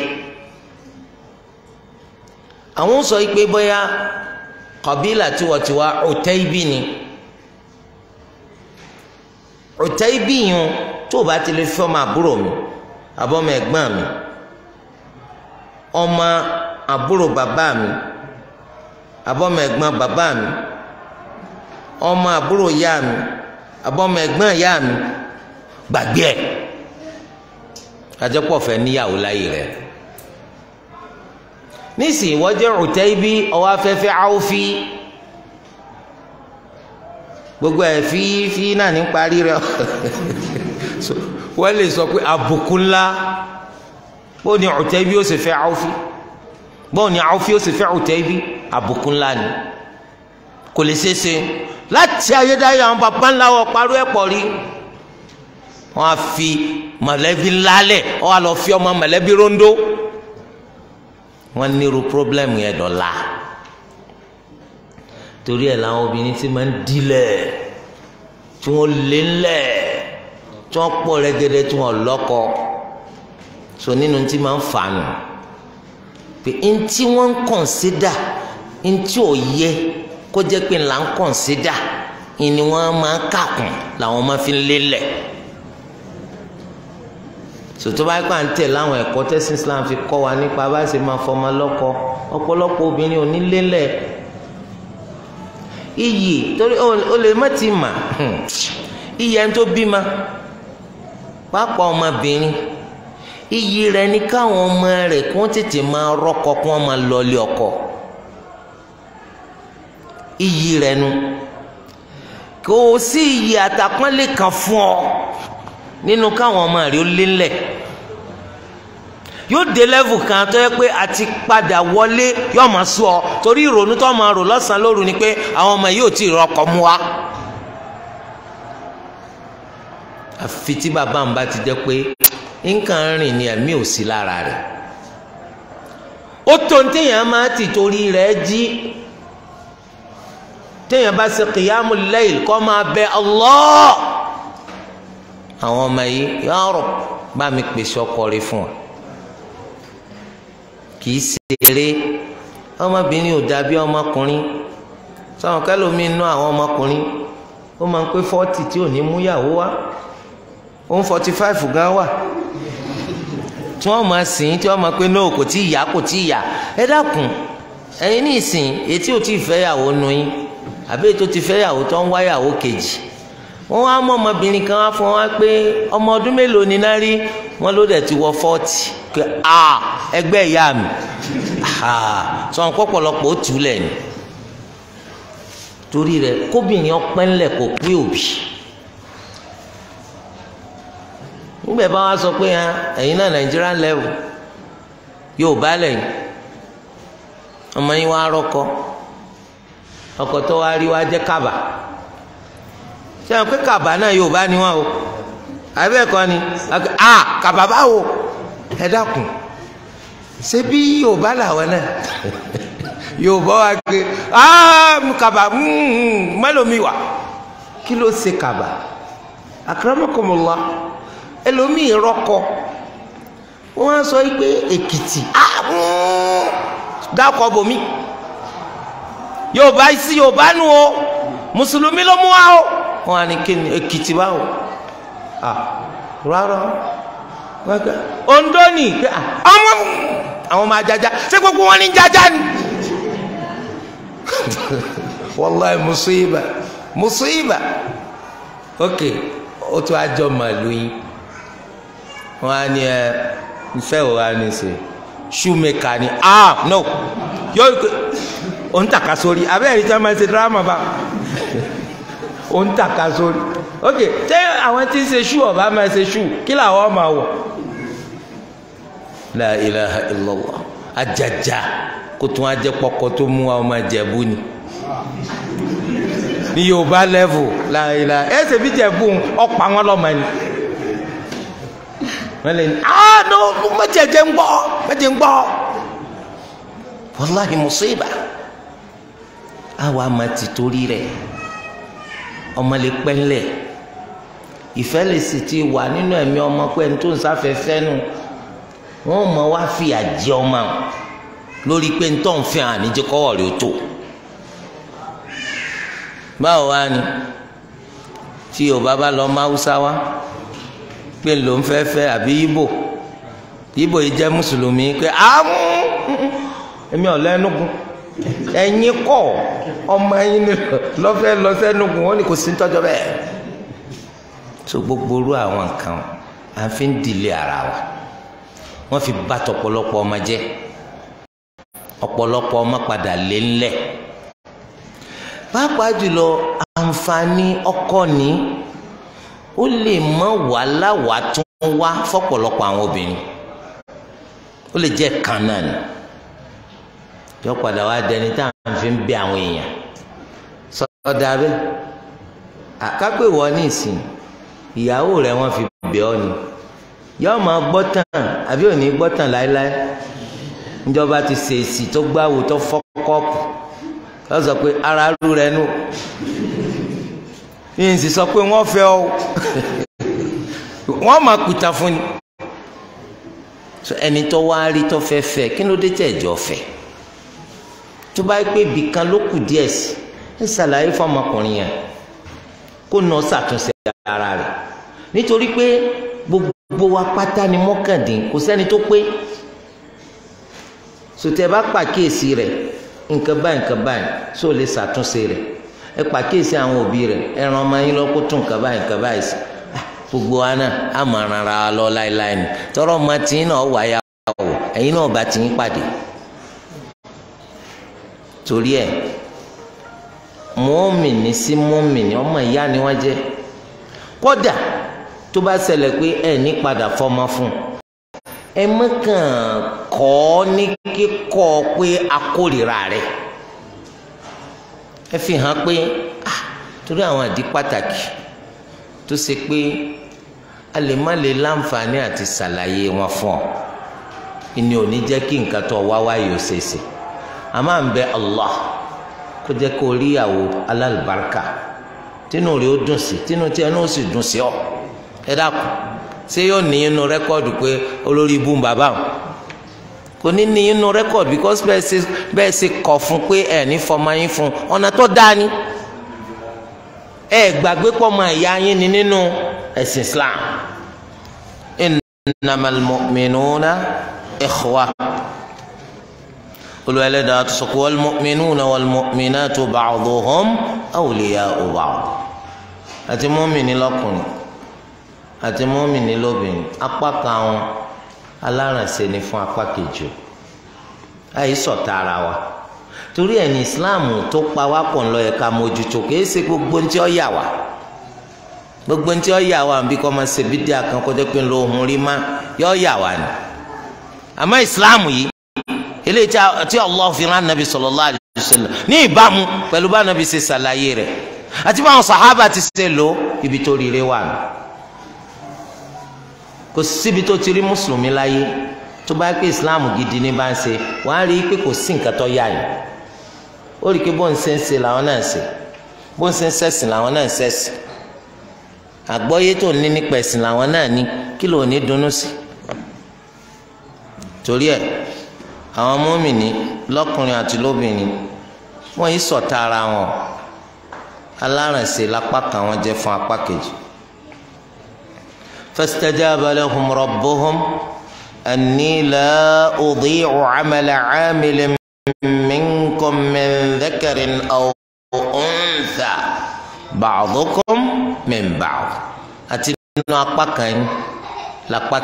àwọn sọ pé bóyá kọ̀bílà tiwọ̀tiwa Utaybi ni Utaybi yìí tó o bá ti lè fẹ́ ọmọ àbúrò mi àbọ̀mọ ẹ̀gbọ́n mi ọmọ àbúrò bàbá mi abọ́mọ ẹ̀gbọ́n bàbá mi ọmọ àbúrò ìyá mi abọ́mọ ẹ̀gbọ́n ìyá mi gbàgbé ẹ̀ àjẹpọ̀fẹ́ níyàwó láyé rẹ̀ nísìnyí wọ́n jẹ́ Utaybi ọwọ́ afẹ́fẹ́ áwòfí gbogbo ẹ̀ fífí náà ní parí rẹ̀ wọ́n lè sọ pé àbùkù ńlá bóun ni Utaybi ó sì fẹ́ Awfi bóun ni Awfi ó sì fẹ́ Utaybi àbùkù ńlá ni kò lè ṣeé ṣe láti ayédáyé àwọn baba ńlá wọn parọ́ ẹ̀pọ̀ rí wọn á fi mọ̀lẹ́bí ńlá lẹ̀ wọn á lọ fi ọmọ mọ̀lẹ́bí rondo wọn nírú pírọ́blẹ́mù yẹn dọ̀la torí ẹ̀ làwọn obìnrin ti máa ń dilẹ̀ tí wọ́n lé ńlẹ̀ tí wọ́n pọ̀ rẹ́gẹ́dẹ́ tí wọ́n lọ́kọ̀ọ́ so nínú tí máa ń fà nù pé ntí wọ́n ń kọ̀nsídà ntí ò yẹ kó jẹ́ pé là ń kọ̀nsídà ni wọ́n máa ń kàkùn làwọn máa fi ń lélẹ̀ sòtò bá gbà ń tẹ̀ láwọn ẹ̀kọ́ tẹ́sí Islam fi kọ́ wa nípa bá ṣe máa fọmọ lọ́kọ ọ̀pọ̀lọpọ̀ obìnrin ò ní lélẹ̀ iyì torí o lè má ti mà hmm, iyì ẹni tó bí ma pápá ọmọbìnrin iyì rẹ̀ ní káwọn ọmọ rẹ̀ kí wọ́n tètè máa rọ́kọ kí wọ́n máa lọlé ọkọ iyì rẹ̀ nu kò sí iyì àtàpọ́nlé kan fún ọ nínú káwọn ọmọ rẹ̀ ó lé ńlẹ̀ yóò dé level kan tó yẹ pé a ti padà wọlé yóò máa sọ ọ torí ìrònú tó máa rò lọ́sàn-án lóru ni pé àwọn ọmọ yóò ti rọ́kọ mú wa. àfi tí bàbá ń bá ti jẹ́ pé nǹkan rìn ni ẹ̀mí ò sí lára rẹ̀ ó tó ní téèyàn máa ti torí rẹ̀ jí téèyàn bá ṣe kìyàmù layl kó máa bẹ Allah àwọn ọmọ yìí ya Rabb bá mi pèsè ọkọ rẹ fún wa kì í ṣeré ọmọbìnrin ò dàbí ọmọkùnrin sáwọn kẹlòmíín náà àwọn ọmọkùnrin ó máa ń pé fọ́ọ̀tì tí ò ní múyàwó wá òun forty five gan wà tí wọ́n máa sìn tí wọ́n máa pé náà kò tí ì yá kò tí ì yá ẹ dákun ẹ̀yin ní ìsìn etí ò tí ì fẹ́yàwó nu yín àbí ètò ti fẹ́yàwó tó ń wáyàwó kejì wọ́n wá mọ ọmọbìnrin kan wá fún wa pé ọmọ ọdún mélòó ni náà rí wọ́n ló dẹ̀ ti wọ fọ́ọ̀tì pé a ẹgbẹ́ ìyá mi sọ̀n pọ̀pọ̀lọpọ̀ ó tù lẹ̀ ni torí rẹ̀ kóbìnrin ọpẹ́ ńlẹ̀ kò pé òbí. ńgbẹ bá wa sọ pé ya na náà Nigerian level yóò bá lẹ́yìn ọmọ yín wá rọkọ ọkọ tó wá rí wá jẹ kaba ṣé pé kaba náà yóò bá ní o àbẹ ẹkọ ni a kaba báwo ẹ dákun ṣé bí yóò bá làwọn náà yóò bá wa gbé kaba mẹlòmíwà kí ló ṣe kaba ẹlòmíì rọkọ wọ́n wá sọ pé èkìtì ah, mm, dákọ̀ bòmí yorùbá sí yorùbá nù o mùsùlùmí ló mú wa o wọ́n á ní kíni èkìtì báwo ah, rárá ondo ni ọmọ àwọn máa jaja ṣé gbogbo wọn ní jaja ni wàláì mùsùlùmí mùsùlùmí ok ó tún á màlúù yìí wọ́n á ní ẹ ìfẹ́ wo wá ní sè ṣùmẹ̀kà ni ah no yọ òun tàka sórí abẹ́rẹ́ ìjọba máa ń se drama bá òun tàka sórí ok tẹ àwọn tí ń ṣe ṣú ọba máa ṣe ṣú kí làwọn máa wọ. la ilaha illallah ajaja kó tún ajẹ pọkọ tó mú wa ọmọ jẹ̀bú ni ní yorùbá level la ilaha ẹ ṣe bí jẹ̀bú ọ̀pọ̀ àwọn ọlọ́mọ ni wọ́n lè ní ah no mẹ́jẹ̀jẹ̀ ń gbọ́ mẹ́jẹ̀ ń gbọ́ wàláhi musiba àwa máa ti torí rẹ̀ ọmọ lè pẹ́ ńlẹ̀ ìfẹ́ lè sì ti wà nínú ẹ̀mí ọmọ pé ẹni tó ń sáfẹ́fẹ́ nù wọ́n mọ̀ wá fìyà jẹ ọmọ lórí pé ń tọ́ ń fi hàn níjẹ́ kọ́wọ́ rẹ̀ ó tó báwo wá ni tí yorùbá bá lọ máa Haúsá wá pé ló ń fẹ́ fẹ́ àbí ibo ibo yìí jẹ́ mùsùlùmí pé àmú mm, mm, mm, èmi ò lẹ́nugun ẹ̀yin kọ̀ ọmọ ẹ̀yin lọ́fẹ́ lọ sẹ́nugun wọ́n ní kò sí tọ́jọ́ bẹ́ẹ̀ so gbogbo irú àwọn nǹkan à ń fi ń dìlé ara wa wọ́n fi bá tọ̀pọ̀lọpọ̀ ọmọ jẹ́ ọ̀pọ̀lọpọ̀ ọmọ padà lé ńlẹ̀ pàápàá jùlọ àǹfààní ọkọ ni. Okoni, ó lè mọ wàhálà tún wá fọ́pọ̀lọpọ̀ àwọn obìnrin ó lè jẹ́ kan náà ni yọ padà wá dẹni tá à ń fi ń bẹ àwọn èèyàn sọdọ abẹ àkápè wọ ní ìsìn ìyàwó rẹ wọ́n fi bẹ ọ ni yọọ máa gbọ́ tàn àbí òní gbọ́ tàn láéláé níjọba ti ṣèèsì tó gbáwo tó fọ́ kọ́ọ̀pù lọ sọ pé ara rú rẹ nù. No yìí sì sọ pé wọ́n fẹ́ ọ wọ́n máa kùtà fún ni ẹni tó wá rí tó fẹ́ fẹ́ kí ló dé tẹ̀ jọ fẹ́ tó bá pé ibì kan ló kù díẹ̀ sí ẹ ṣàlàyé fọmọkùnrin yẹn kó nà ọ́ ṣàtúnṣe ara rẹ̀ nítorí pé gbogbo wa pátá ni mọ́kàndín kò sẹ́ni tó pé sòtẹ́ bá pàkíyèsí rẹ̀ nǹkan báyìí nǹkan báyìí sóò lè ṣàtúnṣe rẹ̀. ẹ pàkíyèsí àwọn òbí rẹ ẹ ràn ọmọ yín lọ kó tún nǹkan báyìí nǹkan báyìí sí ah, gbogbo wa náà á mọ ara lọ láéláé ni tọrọ ọmọ tìyín náà wà ya ẹyin náà bá tìyín pàdé torí ẹ mọ́mìnì sí mọ́mìnì ọmọ ìyá ni wọ́n jẹ́ kódà tó bá ṣẹlẹ̀ pé ẹ̀ ní padà fọmọ fún ẹ mọ́kàn kàn kọ́ ní kíkọ́ pé akórìíra rẹ̀. ẹ fi hàn pé ah torí àwọn àdí pàtàkì tó ṣe pé a lè má lè láǹfààní àti ṣàlàyé wọn fún ọ ìní ò ní jẹ́ kí nǹkan tó wá wáyé ó ṣe ṣe a máa ń bẹ Allah kó jẹ́ kó rí ìyàwó alálùbáríkà tínú rẹ̀ ó dùn sí tínú tí ẹnu ó sì dùn sí ọ ẹ dákun ṣé yóò ní inú rẹ́kọ́ọ̀dù pé olórí ibú bàbá wọn kò ní ní inú rẹ́kọ̀dì because bẹ́ẹ̀ ṣe bẹ́ẹ̀ ṣe kọ̀ fún pé ẹ̀ ní fọmọ yín fún ọ̀nà tó dáa ni ẹ gbàgbé pọ̀ mọ́ ẹ̀yà yín ni nínú ẹ̀sìn Islam innamal mu'minuna ikhwa olùwẹ̀lẹ́dàá tó sọ pé wal mu'minuna wal mu'minatu ba'duhum awliya'u ba'd àti mọ́mìnì lọ́kùnrin àti mọ́mìnì lóbìnrin apá kan alárànṣe ni fún apá kejì àìsọ̀ tara wa torí ẹ̀yìn Islam tó pa wá pọ̀ ńlọ ẹ̀ka mójútó kìí ṣe gbogbo ntí ọ yà wá gbogbo ntí ọ yà wá nbí kọ́ máa ṣe bídíà kan kọjá pé ńlọ ohun rí má yọ yà wá ni àmọ́ Islam yìí eléyìí tí Allah fi rán nàbì sallallahu alaihi wasallam ní ìbámu pẹ̀lú bá nàbì ṣe ṣàlàyé rẹ̀ àti báwọn sàhábà ti ṣe lò ibi tó rí rẹ̀ wà nù kò síbi tó ti rí mùsùlùmí láyé tó bá pé islam gidi ní bá ń ṣe wàá rí i pé kò sí nǹkan tó yá yìí ó rí i pé bó ń ṣe ń ṣe làwọn náà ń ṣe bó ń ṣe ń ṣẹ̀sìn làwọn náà ń ṣẹ̀sìn àgbọ́yé tó ní nípa ẹ̀sìn làwọn náà ní kí ló ní dunnú sí torí ẹ̀ àwọn mọ́mìnì lọ́kùnrin àti lóbìnrin wọ́n yìí ṣọ̀tá ara wọn alárànṣe lápá kan wọ́n jẹ́ fún apá kejì. فاستجاب لهم ربهم أني لا أضيع عمل عامل منكم من ذكر أو أنثى بعضكم من بعض àti nínú apá kan yín lápá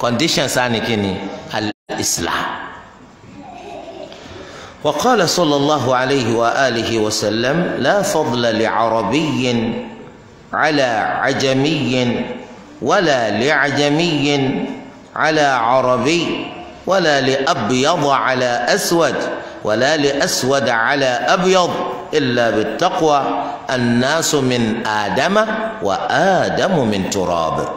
conditions á ní kí وقال صلى الله عليه واله وسلم لا فضل لعربي على عجمي ولا لعجمي على عربي ولا لابيض على اسود ولا لاسود على ابيض الا بالتقوى الناس من ادم وادم من تراب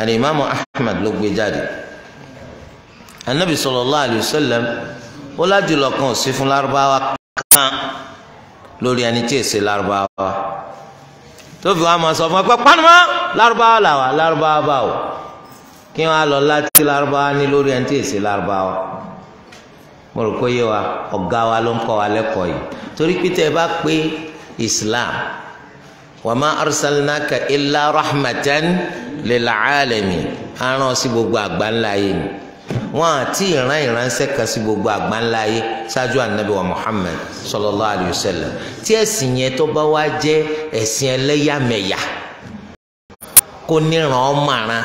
الامام احمد لقب جاري النبي صلى الله عليه وسلم ó lájùlọ kan ò sí fún lárúbáwá kan lórí ẹni tí èsè lárúbáwá tó fi wá máa sọ fún ẹ pé pánumọ́ lárúbáwá làwà lárúbáwá bá o kí wọn á lọ láti lárúbáwá ní lórí ẹni tí èsè lárúbáwá mo rò pé yé wa ọ̀gá wa ló ń kọ́ wa lẹ́kọ̀ọ́ yìí torí pé ẹ bá pé Islam wa ma arsalnaka illa rahmatan lil alamin aràn sí gbogbo àgbáńlá yìí ni wọn àti ìran ìránṣẹ́ kan sí gbogbo àgbáńlá ayé ṣáájú ànábì wa Muhammad sallallahu alayhi wa sallam tí ẹ̀sìn yẹn tó bá wá jẹ́ ẹ̀sìn ẹlẹ́yàmẹ̀yà kó níran ọmọràn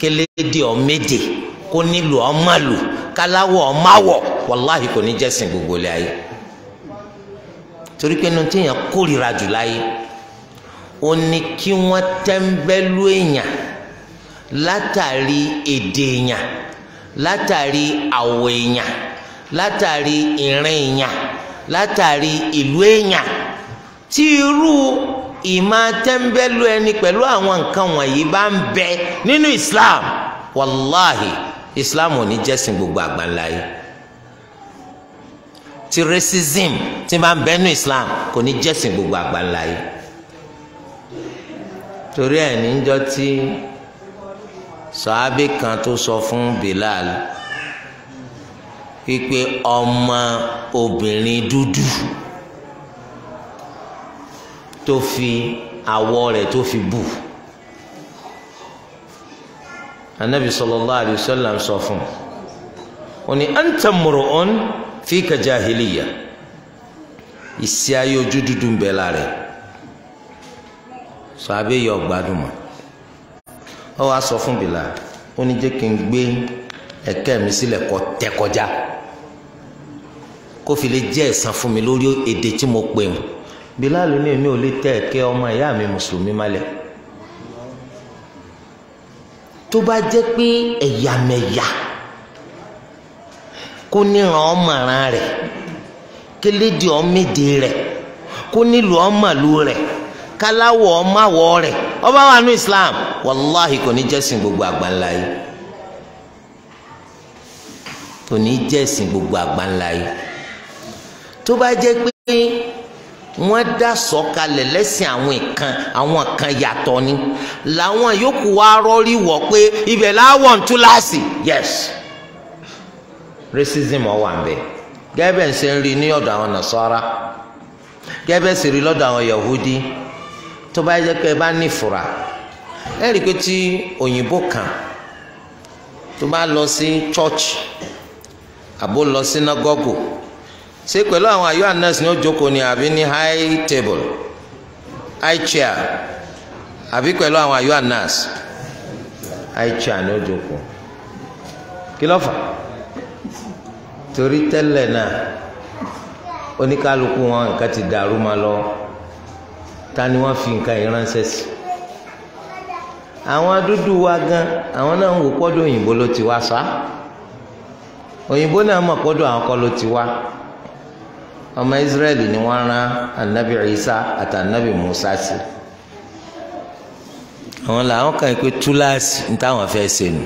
kélédè ọmẹdè kó nílò ọmọlù káláwọ ọmáwọ wàláhì kò ní jẹ́sìn gbogbo ilé torí pé inú téèyàn kórìíra jù láyé ó ní kí wọ́n tẹ́ńbẹ́lú èèyàn látàrí èdè èèyàn látàrí àwọ̀ èèyàn látàrí ìran èèyàn látàrí ìlú èèyàn tí irú ìmọ̀ tẹ́ńbẹ́lú ẹni pẹ̀lú àwọn nǹkan wọ̀nyí bá ń bẹ nínú Islam wàláhì Islam ò ní jẹ́sìn gbogbo àgbáńlá yìí ti racism ti máa ń bẹ nínú Islam kò ní jẹ́sìn gbogbo àgbáńlá yìí torí ẹ̀ níjọ́ tí. Ti sàábì kan tó sọ fún Bilal wípé ọmọ obìnrin dúdú tó fi àwọ̀ rẹ̀ tó fi bù anabi sallallahu alayhi wa sallam sọ fún un ní anta mur'un fika jahiliya ìsí ayé ojú dúdú ń bẹ lára ẹ sọ abẹ yọ gbádùn mọ́. ó wàá sọ fún bìlà ó ní jẹ́ gbé ẹ̀kẹ́ mi sílẹ̀ kọ́ tẹ́ kọjá kó fi lè jẹ́ ẹ̀san mi lórí èdè tí mo pè wọ́n bìlà ló ní èmi ò lè tẹ́ ẹ̀kẹ́ ọmọ ìyá mi mùsùlùmí tó bá jẹ́ pé kó níran ọmọràn rẹ̀ ọmọdé rẹ̀ kó nílùú ọmọlú rẹ̀ káláwọ̀ ọmọwọ̀ rẹ̀ ọba wa nu Islam. wàláhì kò ní jẹ́sìn gbogbo àgbáńlá yìí kò ní jẹ́sìn gbogbo àgbáńlá yìí tó bá jẹ́ pé wọ́n dá sọ̀kalẹ̀ lẹ́sìn àwọn kan àwọn kan yàtọ̀ ni làwọn yòókù wa rọrí wọ̀ pé ibẹ̀ láwọ̀ ń tú láàsì yes racism ọ̀wà ń bẹ gẹ́gẹ́ ń ṣe ń rí ní ọ̀dọ̀ àwọn nàṣọ́ra gẹ́gẹ́ sì rí lọ́dọ̀ àwọn yahudi tó bá jẹ́ pé ẹ bá nífura ẹ rí i pé tí òyìnbó kan tó bá lọ sí church àbó lọ sínágọ́gù ṣé pẹ̀lú àwọn àyọ̀ anas ní ó ni àbí ní high table high chair àbí pẹ̀lú àwọn àyọ̀ anas high chair ní ó jókòó kí ló fà torí tẹ́lẹ̀ náà oníkálukú wọn nǹkan ti dàrú ma lọ ta ni wọ́n fi nǹkan yìí sí àwọn dúdú wa gan àwọn náà ń wò pọ́dọ̀ òyìnbó ló ti wá sá òyìnbó náà mọ̀ pọ́dọ̀ àwọn kọ́ ló ti wá ọmọ Israẹli ni wọ́n rán anabi Isa àti anabi Musa sí àwọn làwọn kan pé túláàsì ní táwọn fẹ́ ṣe nù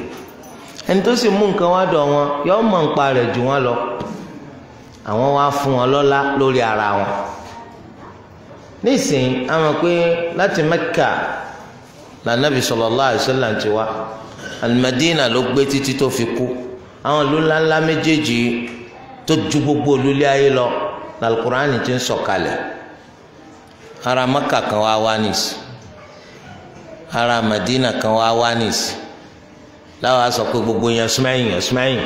ẹni tó sì mú nǹkan wá dọ̀ wọn yọ mọ̀ ń pa rẹ̀ jù wọ́n lọ àwọn wá fún wọn lọ́lá lórí ara wọn nísìnyí àwọn pé láti Mẹ́kà. lànàbì sallallahu alaihi wasallam ti wá alimadina ló gbé títí tó fi kú àwọn ìlú ńláńlá méjèèjì tó ju gbogbo olúlé ayé lọ làlùkùránì ti ń sọ̀kalẹ̀ ara maka kan wá wá nìsí ara madina kan wá wá nìsí láwọn aṣọ pé gbogbo yẹn súnmẹ́yìn yẹn súnmẹ́yìn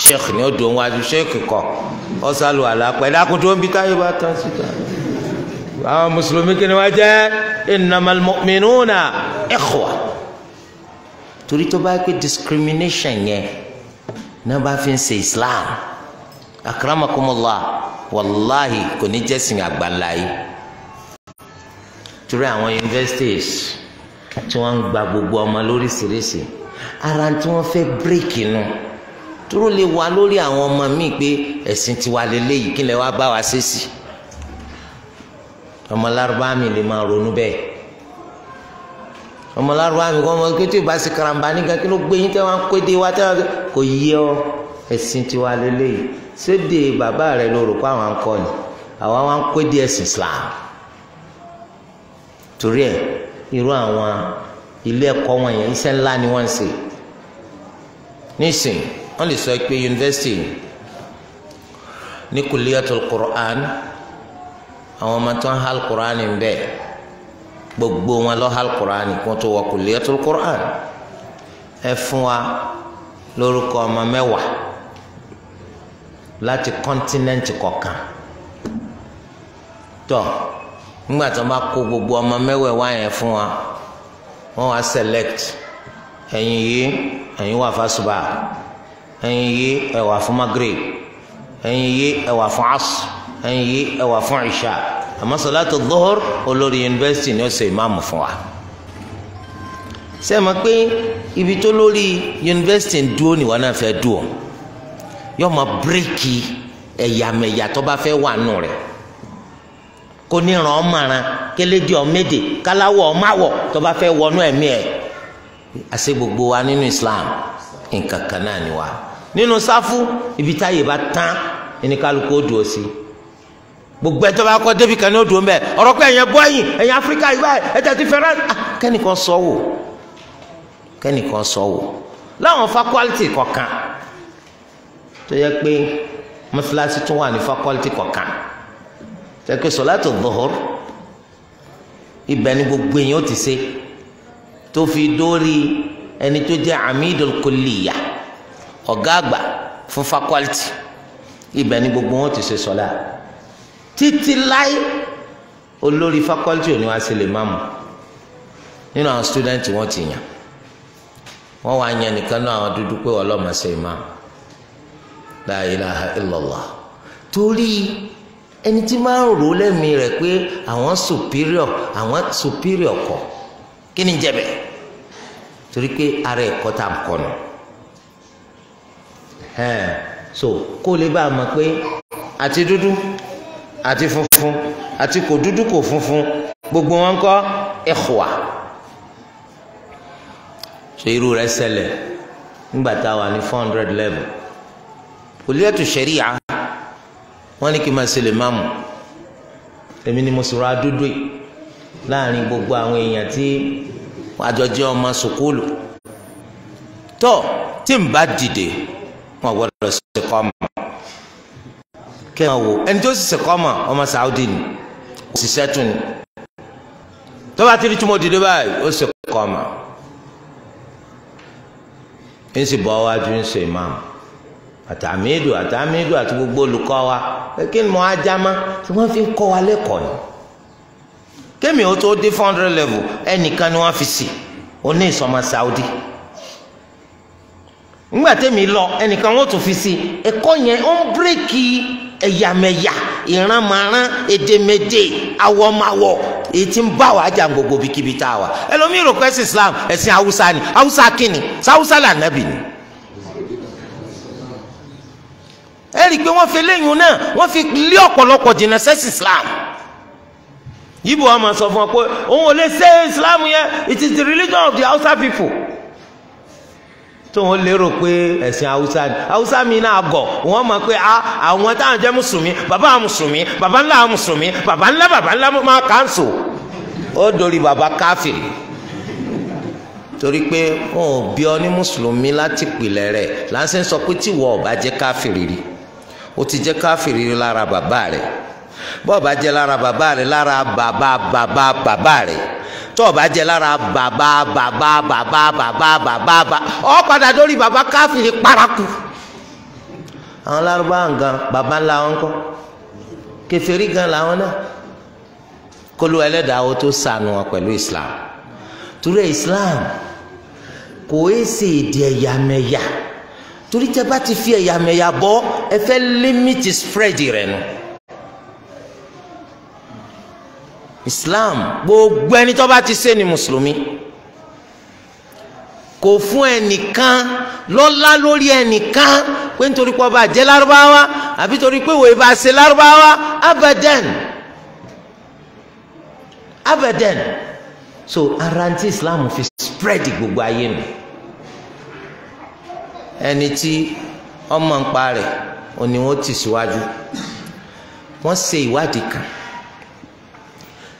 sheikh ni ó dùn wájú sheikh kọ ọ sálù àlàpẹ dákun tó ń bi táyé bá tán síta àwọn mùsùlùmí kí ni wọ́n jẹ́ innamal mu'minuna ikhwa torí tó bá pé discrimination yẹn náà bá fi ń ṣe islam akramakumullah wàláhì kò ní jẹ́sìn àgbàlá yìí torí àwọn universities tí wọ́n ń gba gbogbo ọmọ lóríṣiríṣi ara tí wọ́n fẹ́ bírèkì nu dúró lè wá lórí àwọn ọmọ míì pé ẹ̀sìn tiwa lélẹ́yìí kí lè wá bá wa ṣe sí ọmọ lárúbáàmì lè máa ronú bẹ́ẹ̀ ọmọ lárúbá mi kọ́ ọmọ kété ìbá sí karamba nígbà kí ló gbé yín tẹ́ wọ́n á pé dé wá tẹ́ wọ́n kò yé ọ ẹ̀sìn tiwa lélẹ́yìí sédè bàbá rẹ ló rò pé àwọn ń ni àwa wá ń pé dé ẹ̀sìn Islam torí ẹ̀ irú àwọn ilé ẹ̀kọ́ wọn yẹn iṣẹ́ ńlá ni wọ́n ń ṣe nísìn wọ́n lè sọ pé yunifásitì ní kùlíyàtul Qur'an àwọn ọmọ tó ń hàl Qur'an ń bẹ́ẹ̀ gbogbo wọn lọ hal quran kó tó wọ kulliyatul quran ẹ fún wa lórúkọ ọmọ mẹ́wàá láti kọ́ńtínẹ́ǹtì kọ̀ọ̀kan tó nígbà tó bá kó gbogbo ọmọ mẹ́wàá wá yẹn fún wa wọ́n wá select ẹ̀yin yìí ẹ̀yin wà fún asuba ẹ̀yin yìí ẹ wà fún maghrib ẹ̀yin yìí ẹ wà fún asr ẹ̀yin yìí ẹ wà fún isha àmọ́ sọ̀látò dọ́hùr olórí yunifásitì ni ó ṣe ìmáàmù fún wa ṣé ẹ mọ̀ pé ibi tó lórí yunifásitì ń dúró nìwọ náà fẹ́ dúró yóò máa bíríkì ẹ̀yàmẹ̀yà tó bá fẹ́ wà nù rẹ̀ kò ní ràn ọ́ màrán kélédìí ọ̀mẹ́dẹ̀ káláwọ̀ ọ̀máwọ̀ tó bá fẹ́ wọnú ẹ̀mí ẹ̀ àṣẹ gbogbo wa nínú Islam nǹkan kan náà ni wa nínú sáfù ibi táyè bá tán ẹni kálukú ó dùn sí i gbogbo ẹtọ́ bá kọ́ débi kan ní odò mbẹ ọ̀rọ̀ pé ẹ̀yẹ bọ́yìn ẹ̀yẹ áfíríkà ìwà ẹ̀tẹ̀ ti fẹ́ràn ah, kẹ́nìkan sọ wò kẹ́nìkan sọ wò láwọn fakọ́lítì kọ̀ọ̀kan tó yẹ pé mọ́sálásí tún wà ní fakọ́lítì kọ̀ọ̀kan tó yẹ pé sọ̀látò dọ̀họ́r ibẹ̀ ni gbogbo èèyàn ó ti ṣe tó fi dórí ẹni tó jẹ́ amídùl kòlìyà ọ̀gá àgbà fún fakọ́lítì ibẹ̀ ni gbogbo wọn ó ti ṣe sọ̀lá. So títí láyé olórí faculty òní wá sí lè má mu nínú àwọn student wọn ti yàn wọn wá yan nìkan náà àwọn dúdú pé ọlọ́mọ ṣe má la ilaha illallah torí ẹni tí máa ń rò lẹ́mìí rẹ̀ pé àwọn superior àwọn superior kọ kí ni jẹ́bẹ̀ torí pé ara ẹ̀kọ́ tá a kọ̀ nù so kó lè bá a mọ̀ pé àti dúdú àti funfun àti kò dúdú kò funfun gbogbo wọn kọ́ ikhwa so irú rẹ̀ ṣẹlẹ̀ nígbà tá a wà ní four hundred level kulliyatu sharia wọn ní kí n máa ṣe lè máàmù èmi ni mo sọ̀rọ̀ adúdú yìí láàrin gbogbo àwọn èèyàn tí àjọjẹ ọmọ sùkúlù tó tí n bá dìde wọn gbọ́dọ̀ ṣe kọ́ mọ́ kẹ́ máa wò ẹni tó sì sẹ̀kọ́ mọ̀ ọmọ Saudi ni òṣìṣẹ́ tún ni tó bá ti rí túmọ̀ dìde báyìí ó sẹ̀kọ́ mọ̀ ń sì bọ́ wájú ń sè máa àtàmídù àtàmídù àti gbogbo olùkọ́ wa kí ni mo á já má tí wọ́n fi ń kọ́ wa lẹ́kọ̀ọ́ ni kémi ó tó dé four hundred level ẹnìkan ni wọ́n fi sí oní ìsọmọ Saudi ńgbà tẹ́mi lọ ẹnìkan wọ́n tún fi sí ẹ̀kọ́ yẹn ó ń bírèkì ẹ̀yàmẹ̀yà ìrànmọ̀ràn èdèmẹdè awọmọwọ èyí tí ń bá wa jà gbogbo bíkíbi tá a wà ẹlòmíràn rò pé Islam ẹ̀sìn haúsá ni haúsá kìnnì sáwúsá là nàbì ni. ẹ rí i pé wọ́n fi léyìn náà wọ́n fi lé ọ̀pọ̀lọpọ̀ jìnnà sẹ́sìn Islam yíbo wa máa sọ fún ọ pé òun ò lè ṣe Islam yẹn it is the religion of the Hausa people tó wọn lérò pé ẹ̀sìn haúsá ni haúsá mi náà gọ̀ wọ́n mọ̀ pé a ah, àwọn táwọn jẹ́ mùsùlùmí bàbá mùsùlùmí bàbá ńlá mùsùlùmí bàbá ńlá bàbá ńlá máa kánṣu ó dorí bàbá káfírì torí pé wọn ò bí ọ ní mùsùlùmí láti pìlẹ̀ rẹ̀ láǹṣẹ́ ń sọ pé tíwọ́ ọ̀bá jẹ́ káfírì rí o ti jẹ́ káfírì rí lára bàbá rẹ̀ bọ́ọ̀bá jẹ́ lára bàbá rẹ̀ lára bàbá bàbá bàbá rẹ̀ tó o bá jẹ lára bàbá bàbá bàbá bàbá bàbá bàbá ọ padà dórí bàbá káfíìrì paraku. àwọn lárúbá nǹkan bàbá ńlá wọn kọ kèfèrí gan làwọn náà kólú ẹlẹ́dàá wo tó sànù wọn pẹ̀lú islam torí islam kò é ṣe èdè ẹ̀yàmẹ̀yà torí tẹ bá ti fi ẹ̀yàmẹ̀yà bọ́ ẹ fẹ́ límítì spread rẹ̀ nù. No islam gbogbo ẹni tó bá ti ṣe ni mùsùlùmí kò fún ẹnìkan lọ́lá lórí ẹnìkan pé nítorí pé ọba jẹ́ lárúbáwá àbí torí pé ìwé bá ṣe lárúbáwá abadan abadan so ara ti islam fi spread gbogbo ayé nu ẹni tí ọmọ ń pa rẹ̀ òní wọn ti síwájú wọ́n ṣe ìwádìí kan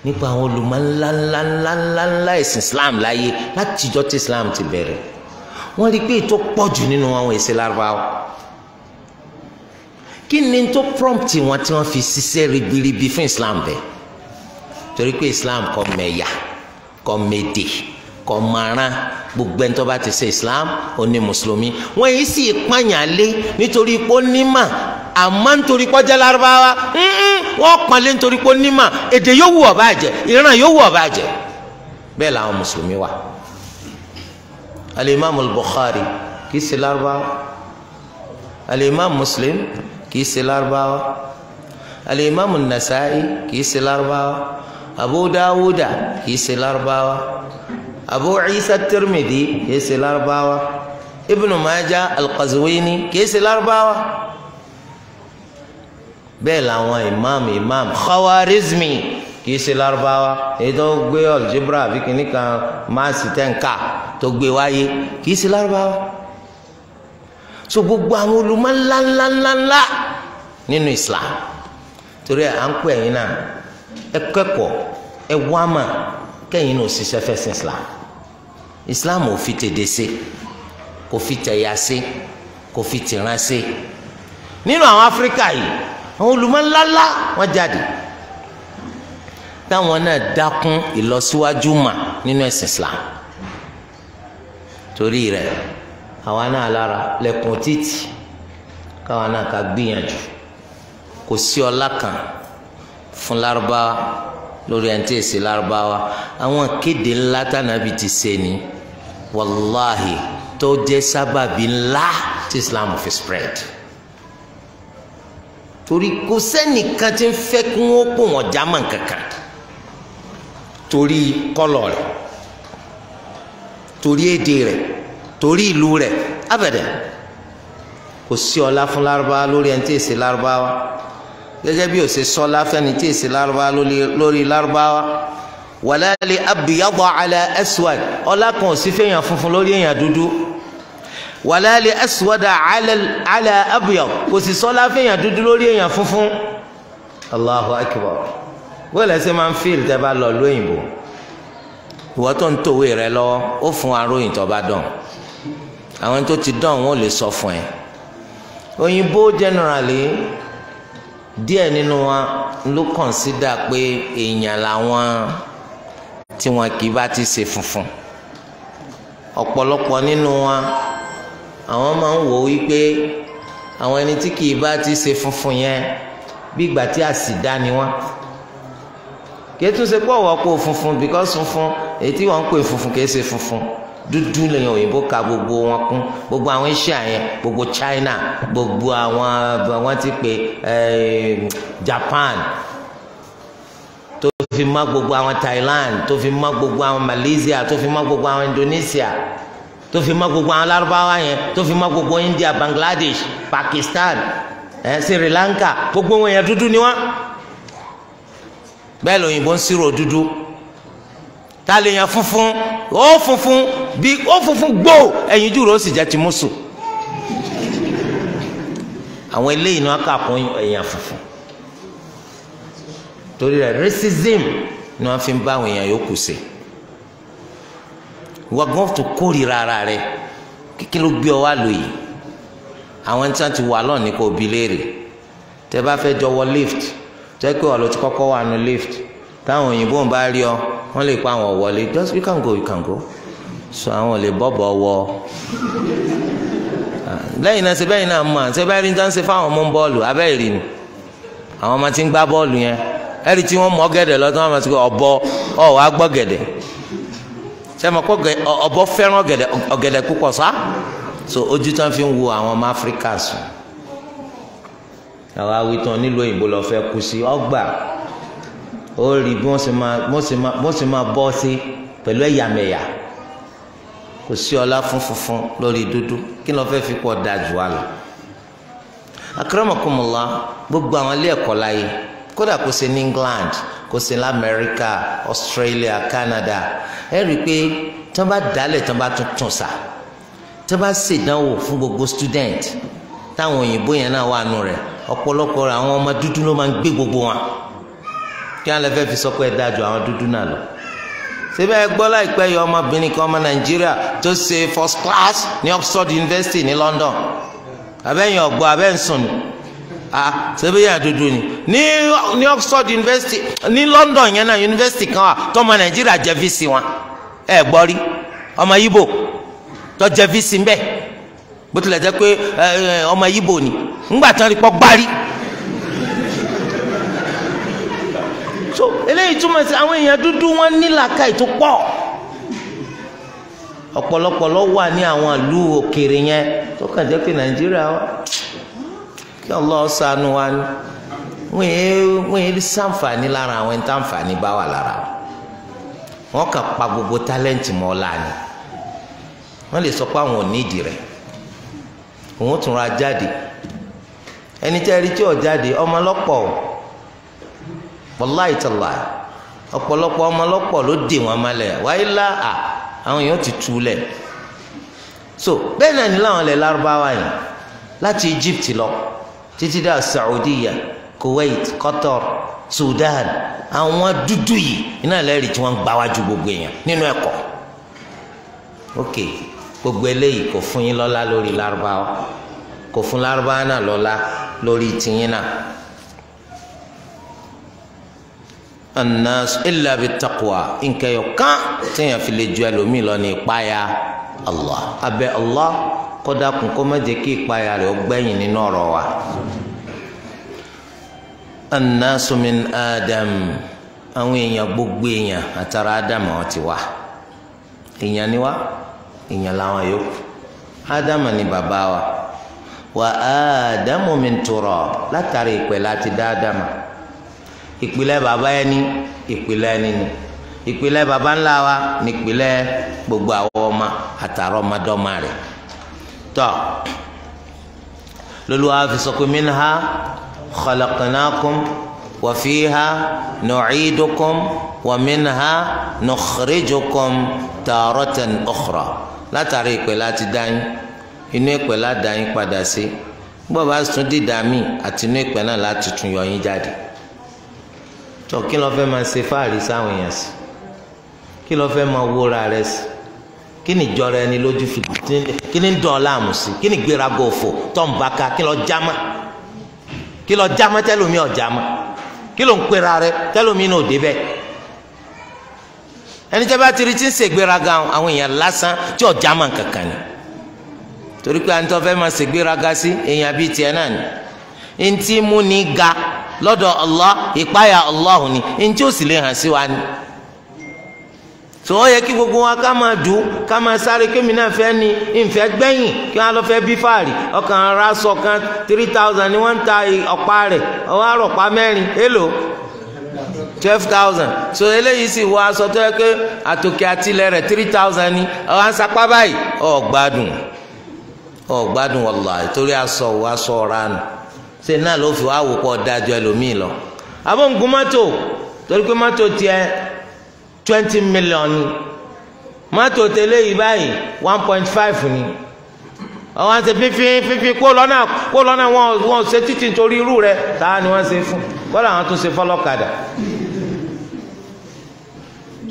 nípa àwọn olùmọ̀ ńlá ńlá ńlá ńlá ńlá ẹ̀sìn islam láyé látijọ́ tí islam ti bẹ̀rẹ̀ wọ́n rí i pé ètò pọ̀jù nínú àwọn èsì lárúbáwá kí ni tó prompt wọn tí wọ́n fi ṣiṣẹ́ ribiribi fún islam bẹ̀ torí pé islam kò mẹ̀yà kò mẹ̀dẹ̀ kò mọ̀ràn gbogbo ẹni tó bá ti ṣe islam ó ní mùsùlùmí wọ́n yìí sì pààyàn lé nítorí pé ó ní mà àmọ́ nítorí pé ó jẹ́ lárúbáwá wọ́n pọ́nlé nítorí pé ó nímọ̀ èdè yóò wù ó bá jẹ́ ìran yóò wù ó bá jẹ́ bẹ́ẹ̀ làwọn mùsùlùmí wà alimami Bukhari kì í ṣe lárúbáwá alimami Muslim kì í ṣe lárúbáwá alimami Nasa'i kì í ṣe lárúbáwá Abu Dawuda kì í ṣe Abu Isa Tirmidhi kì í ṣe lárúbáwá Ibn Majah Al-Qazwini kì bẹ́ẹ̀ làwọn imam imam khawarizmi kì í ṣe larubawa èyí tó gbé ọ̀lùjẹ́bùrà àbí kìíní kan máàsì tẹ́ǹkà tó gbé wáyé kì í ṣe larubawa so gbogbo àwọn olùmọ̀ ńláńláńláńlá nínú islam torí à ń pè ẹ̀yin náà ẹ kẹ́kọ̀ọ́ ẹ wá kẹ́yìn náà ṣiṣẹ́ fẹ́sìn islam islam ò fi tèdè ṣe kò fi tẹ̀yà ṣe kò fi tìran ṣe nínú àwọn áfíríkà yìí àwọn olùmọ̀ńláńlá wọ́n jáde táwọn náà dákún ìlọsíwájú mà nínú ẹ̀sìn Islam torí rẹ̀ àwa náà lára lẹ́kùn títì káwa náà ká gbìyànjú kò sí ọlá kan fún lárúbáwá lórí ẹntì èsì lárúbáwá àwọn kéde ńlá tànàbí ti ṣe ni wàláhì tó jẹ́ sábàbí ńlá tí Islam fi spread torí kò sẹ́nìkan tí ń fẹ́ kí wọ́n pò wọ́n jámà kankan torí kọ́lọ̀ rẹ̀ torí èdè rẹ̀ torí ìlú rẹ̀ abẹ̀dẹ̀ kò sí ọlá fún lárúbáwá lórí ẹni tí èsì lárúbáwá gẹ́gẹ́ bí òsè sọ́lá fẹ́ni tí èsì lárúbáwá lórí lárúbáwá wàlẹ́ àbíyábọ̀ alẹ́ ẹ̀sùwàd ọlá kan ò sí fẹ́yàn funfun lórí èèyàn dúdú wàláàlì aswada alẹ́ abiyọ̀ kò sì sọ́lá fẹ́yàn dúdú lórí èèyàn funfun allahu akbar wọ́n lẹ́sẹ̀ máa ń fíìlì tẹ́ bá lọ lóyìnbó ìwọ tó ń tòwé rẹ lọ́wọ́ ó fún aróyìn tó bá dán àwọn tó ti dán wọn ò lè sọ fún ẹ òyìnbó generally díẹ̀ nínú wa ló consider pé èèyàn làwọn tí wọn kì í bá ti ṣe funfun ọ̀pọ̀lọpọ̀ nínú wa àwọn máa ń wò ó wípé àwọn ẹni tí kì í bá ti ṣe funfun yẹn bí ìgbà tí àsìdá ni wọn kì í tún ṣe pọ̀ wọ́pọ̀ funfun because funfun èyí tí wọ́n ń pè funfun kì í ṣe funfun dúdú lèyìn òyìnbó ka gbogbo wọn kún gbogbo àwọn Asia yẹn gbogbo China gbogbo àwọn wọn ti pè eh, Japan tó fi mọ́ gbogbo àwọn Thailand tó fi mọ́ gbogbo àwọn Malaysia tó fi mọ́ gbogbo àwọn Indonesia tó fi mọ́ gbogbo àwọn alárúbáwá yẹn tó fi mọ́ gbogbo India Bangladesh Pakistan eh Sri Lanka gbogbo wọn yẹn dúdú ni wọn bẹ́ẹ̀ lóyìnbó ń sírò dúdú ta lè yan funfun ó funfun bí ó funfun gbó ẹ̀yìn jùlọ ó sì jẹ́ ti mùsù àwọn eléyìí ni wọn kà kún ẹ̀yìn funfun torí rẹ̀ racism ni wọn fi ń bá àwọn èèyàn yòókù ṣe ìwọ gan tó kórìíra ara rẹ kí ló gbé ọ wá lò yìí àwọn tí wọn ti wà lọ́ọ̀ni kò bi léèrè tẹ bá fẹ́ jọ lift jẹ́ pé ọ̀lọ́ ti kọ́kọ́ wà nù lift táwọn òyìnbó ń bá rí ọ wọ́n lè pa àwọn wọlé just you can go you can go so àwọn ò lè bọ́bọ̀ wọ lẹ́yìn náà sẹ́bẹ̀yìn náà mọ̀ sẹ́bẹ̀yìn rí ń dánsẹ́ fáwọn ọmọ bọ́ọ̀lù abẹ́rẹ́ rí ni àwọn ọmọ tí ń gbá bọ́ọ̀lù yẹn ẹ̀rí tí wọ́n mọ̀ gẹ̀dẹ̀ lọ́tọ́ wọn ti ọ̀bọ ọ̀ wá gbọ́ gẹ̀dẹ̀ sẹ́mi kọ́ ọ̀bọ fẹ́ràn ọ̀gẹ̀dẹ̀ ọ̀gẹ̀dẹ̀ púpọ̀ sá so ojú tán fi ń wo àwọn ọmọ áfíríkà sùn àwa wí tán nílùú òyìnbó lọ fẹ́ kú sí ọgbà ó rí bí wọ́n sì máa wọ́n sì máa bọ́ sí pẹ̀lú ẹ̀yàmẹ̀yà kò sí ọlá fún funfun lórí dúdú kí ló fẹ́ fi pọ̀ da jù wá lọ. akérèmọkùnmọ́lá gbogbo àwọn ilé ẹ̀kọ́ láyé kódà kó ṣe ní England kó sí ní amẹ́ríkà australia canada ẹ rí i pé tí wọ́n bá dálẹ̀ tí wọ́n bá tún tún sà tí bá ṣèdánwò fún gbogbo student táwọn òyìnbó yẹn náà wà nù rẹ̀ ọ̀pọ̀lọpọ̀ àwọn ọmọ dúdú ló máa ń gbé gbogbo wọn kí wọ́n lè fẹ́ fi sọ pé ẹ dájú àwọn dúdú náà lọ síbẹ̀ ẹ gbọ́ láìpẹ́ yọ ọmọbìnrin kan ọmọ nàìjíríà tó ṣe first class ní Oxford University ní London abẹ́yìn ọ̀gbọ́ abẹ́ ń sùn ni. ah ya ya dudu ni ní ní Oxford University ní London yẹn na university kan wà tọmọ Nàìjíríà jẹ visi wọn ẹ gbọ́ rí ọmọ yibo tó jẹ visi mbẹ bó tilẹ̀ jẹ́ pé ọmọ yibo ni ńgbà tán so eléyìí túmọ̀ sí àwọn èèyàn dúdú wọn ní làákàyè pọ̀ ọ̀pọ̀lọpọ̀ wà ní àwọn ìlú wa. kí Allah ṣàánú wa ni wọ́n yẹ wọ́n yẹ sàǹfààní lára àwọn ẹni tàǹfààní bá wà lára wọn pa gbogbo tálẹ́ǹtì mọ́ ọ́la wọ́n lè sọ pé àwọn ò nídìí rẹ̀ òun tún ra jáde ẹni tẹ́ rí tí ò jáde ọmọ lọ́pọ̀ wàláì ọ̀pọ̀lọpọ̀ ló dè wọ́n malẹ̀ wáyé àwọn èèyàn ti tu ni láwọn lárúbáwá yìí lọ. títí dá Saudiya Kuwait Qatar Sudan àwọn dúdú yìí iná lẹ́rìí tí wọ́n ń gbá wájú gbogbo èèyàn nínú ẹ̀kọ́ ok gbogbo eléyìí kò fún yín lọ́lá lórí lárúbáwá kò fún lárúbáwá náà lọ́lá lórí tìyín náà. annas illa bi taqwa nkẹyọ kan téèyàn fi lè ju ẹlòmíì lọ ní ìpáyà Allah abẹ Allah kọ́dákun kó má jẹ́ kí ìpayà rẹ̀ ó nínú ọ̀rọ̀ wa. annasu adam àwọn èèyàn gbogbo èèyàn àtàrà adam àwọn ti wá èèyàn ni wá èèyàn làwọn yòókù adam ni bàbá wa wà ádámù min turab látàrí ìpè láti dá adam ìpìlẹ̀ bàbá ẹni ìpìlẹ̀ ẹni ni ìpìlẹ̀ bàbá ńlá wa nípìlẹ̀ gbogbo àwọn ọmọ àtàrà ọmọdọ́mọ rẹ̀ tọ́ lóluwà fi sọ pé minha khalaqnakum wa fiha nu'idukum wa minha nukhrijukum taratan ukhra látàrí ìpè láti dáyìn inú ìpè ládáyìn padà sí gbọ́dọ̀ bá tún dídá mi àti inú ìpè náà láti tún yọ jáde tó kí ló fẹ́ máa ṣe fáàrí sáwọn èèyàn sí kí ló fẹ́ máa wóra rẹ sí kí ni ìjọra ẹni lójú fi kí ni dán láàmú sí kí ni gbéraga òfò tó ń bá ka kí lọ jámá kí lọ jámá tẹlómi ọ̀jámá kí ló ń pera rẹ tẹlómi náà dé bẹ́ẹ̀ ẹni tẹ́ bá ti rí tí ń ṣègbéraga àwọn èèyàn lásán tí ọ̀jámá kankan ni torí pé àǹtọ́ fẹ́ máa ṣègbéraga sí èèyàn bíi tiẹ̀ náà ni ntí mú ni ga lọ́dọ̀ Allah ìpáyà Allah ni ntí ó sì lè hàn sí wa ni. so yẹ kí gbogbo wa ká máa dùn ká máa sáré mi náà fẹ́ ni ìfẹ́ gbẹ̀yìn kí wọ́n á lọ fẹ́ bí fàárì ọkàn ara sọ kan three thousand ni wọ́n ń ta ọ̀pá rẹ̀ ọwọ́ àrọ̀pá mẹ́rin èlò twelve thousand so eléyìí sì wọ aṣọ tó yẹ kí àtòkè àtìlẹ rẹ̀ three thousand ni ọwọ́ àṣàpá báyìí ọ̀ gbádùn ọ̀ gbádùn aṣọ wọ aṣọ ọ̀ranù ṣe náà ló fi wá wò dájọ́ ẹlòmíì lọ àbọ̀ ń torí pé mọ́tò tiẹ̀ twenty million ni mọ́tò tẹ́lẹ̀ yìí báyìí one point five ni àwọn àti fífín fífín kó lọ́nà kó lọ́nà wọn wọn ṣe títì nítorí irú rẹ̀ táà ni wọ́n ṣe fún kọ́lá àwọn tó ṣe fọlọ́kadà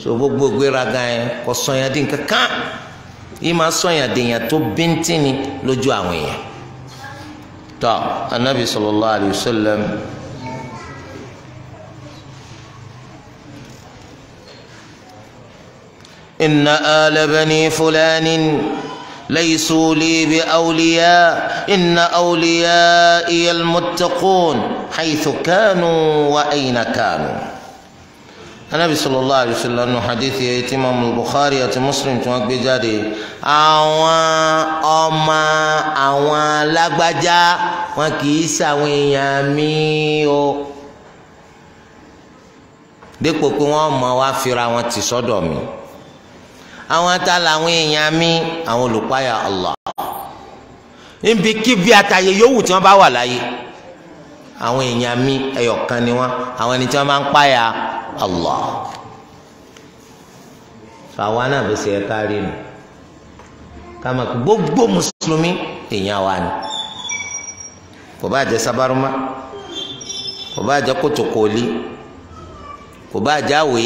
so gbogbo gbéraga yẹn kò sọyàn dín kankan yìí máa sọyàn dèèyàn tó bíntín ni lójú àwọn èèyàn tó anabi sallallahu alayhi wa إن آل بني فلان ليسوا لي بأولياء إن أوليائي المتقون حيث كانوا وأين كانوا anabi sallallahu alayhi wa sallam nu hadithi yìí tí imaamu bukhari àti muslim tí wọ́n gbé jáde àwọn ọmọ àwọn alágbájá wọn kì í ṣàwọn èèyàn mi o dípò pé wọ́n mọ wá fira wọn ti sọ́dọ̀ mi. So àwọn ta làwọn èèyàn mi àwọn olùpáyà Allah níbi kíbi àtàyè yòówù tí wọ́n bá wà láyé àwọn èèyàn mi ẹyọkan ni wọ́n àwọn ẹni tí wọ́n máa ń páyà Allah fàwa náà bó ṣe yẹ ká rí nu ká máa kó gbogbo mùsùlùmí èèyàn wa ni kò bá jẹ sábàrúmá kò bá jẹ kòtòkòlì kò bá jẹ àwé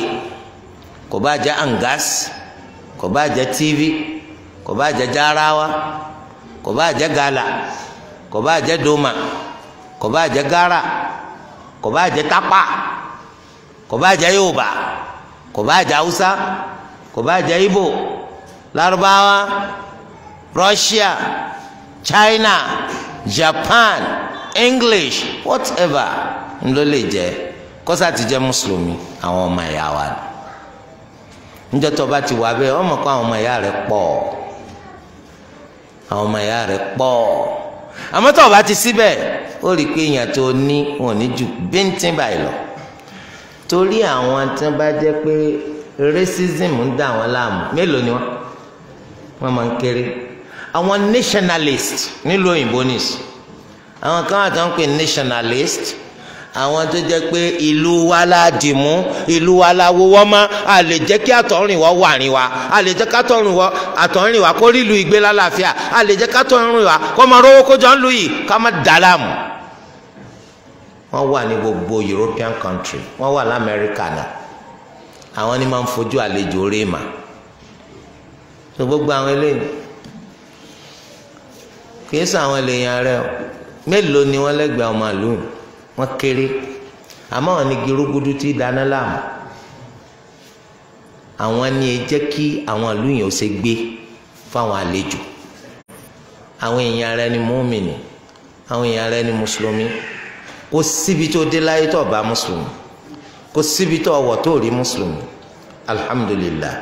kò bá jẹ àǹgáàsì kò bá jẹ́ tv kò bá jẹ́ jarawa kò bá jẹ́ gala kò bá jẹ́ doma kò bá jẹ́ gara kò bá jẹ́ tapa kò bá jẹ́ yorùbá kò bá jẹ́ hausa kò bá jẹ́ ibo larubawa russia china japan english whatever ń ló lè jẹ́ kọ́sà ti jẹ́ mùsùlùmí àwọn ọmọ ẹ̀yà wa ni níjọ́ tó bá ti wà bẹ́ẹ̀ ọmọ kó àwọn ọmọ ìyá rẹ̀ pọ̀ àwọn ọmọ ìyá rẹ̀ pọ̀ àmọ́ tó bá ti síbẹ̀ ó rí i pé èèyàn tó ní wọn ò ní ju bíntín báyìí lọ torí àwọn tán bá jẹ́ pé racism ń dà wọ́n láàmú mélòó ni wọ́n wọ́n máa ń kéré àwọn nationalist nílùú òyìnbó nìsí àwọn kan wà tó pè nationalist àwọn tó jẹ pé ìlú wa la dì mú ìlú wa la wo wọ́n mọ́ a lè jẹ́ kí àtọ̀rìn wọ́n wà rìn wa a lè jẹ́ kátọ̀rìn wọ́n àtọ̀rìn wa kó rí ìlú ìgbé lálàáfíà a lè jẹ́ kátọ̀rìn wa kó máa rówó kójọ ń lu yìí ká má dàlámù. wọ́n wà ní gbogbo European country wọ́n wà lamẹ́ríkà náà àwọn ni máa ń fojú àlejò rí mà tó gbogbo àwọn eléyìí kì í sọ èèyàn rẹ mélòó ni wọ́n lẹ́gbẹ̀ẹ́ ọmọ àlùyìn wọ́n kéré àmọ́ àwọn ni gerugudu ti dáná láàmú àwọn ni ẹ jẹ́ kí àwọn ìlú yẹn ó ṣe gbé fáwọn àlejò àwọn èèyàn ara ẹni mùmínì àwọn èèyàn ara ẹni mùsùlùmí kò síbi tó dé láyé tó bá mùsùlùmí kò síbi tó wọ̀ tó rí mùsùlùmí alhamdulilah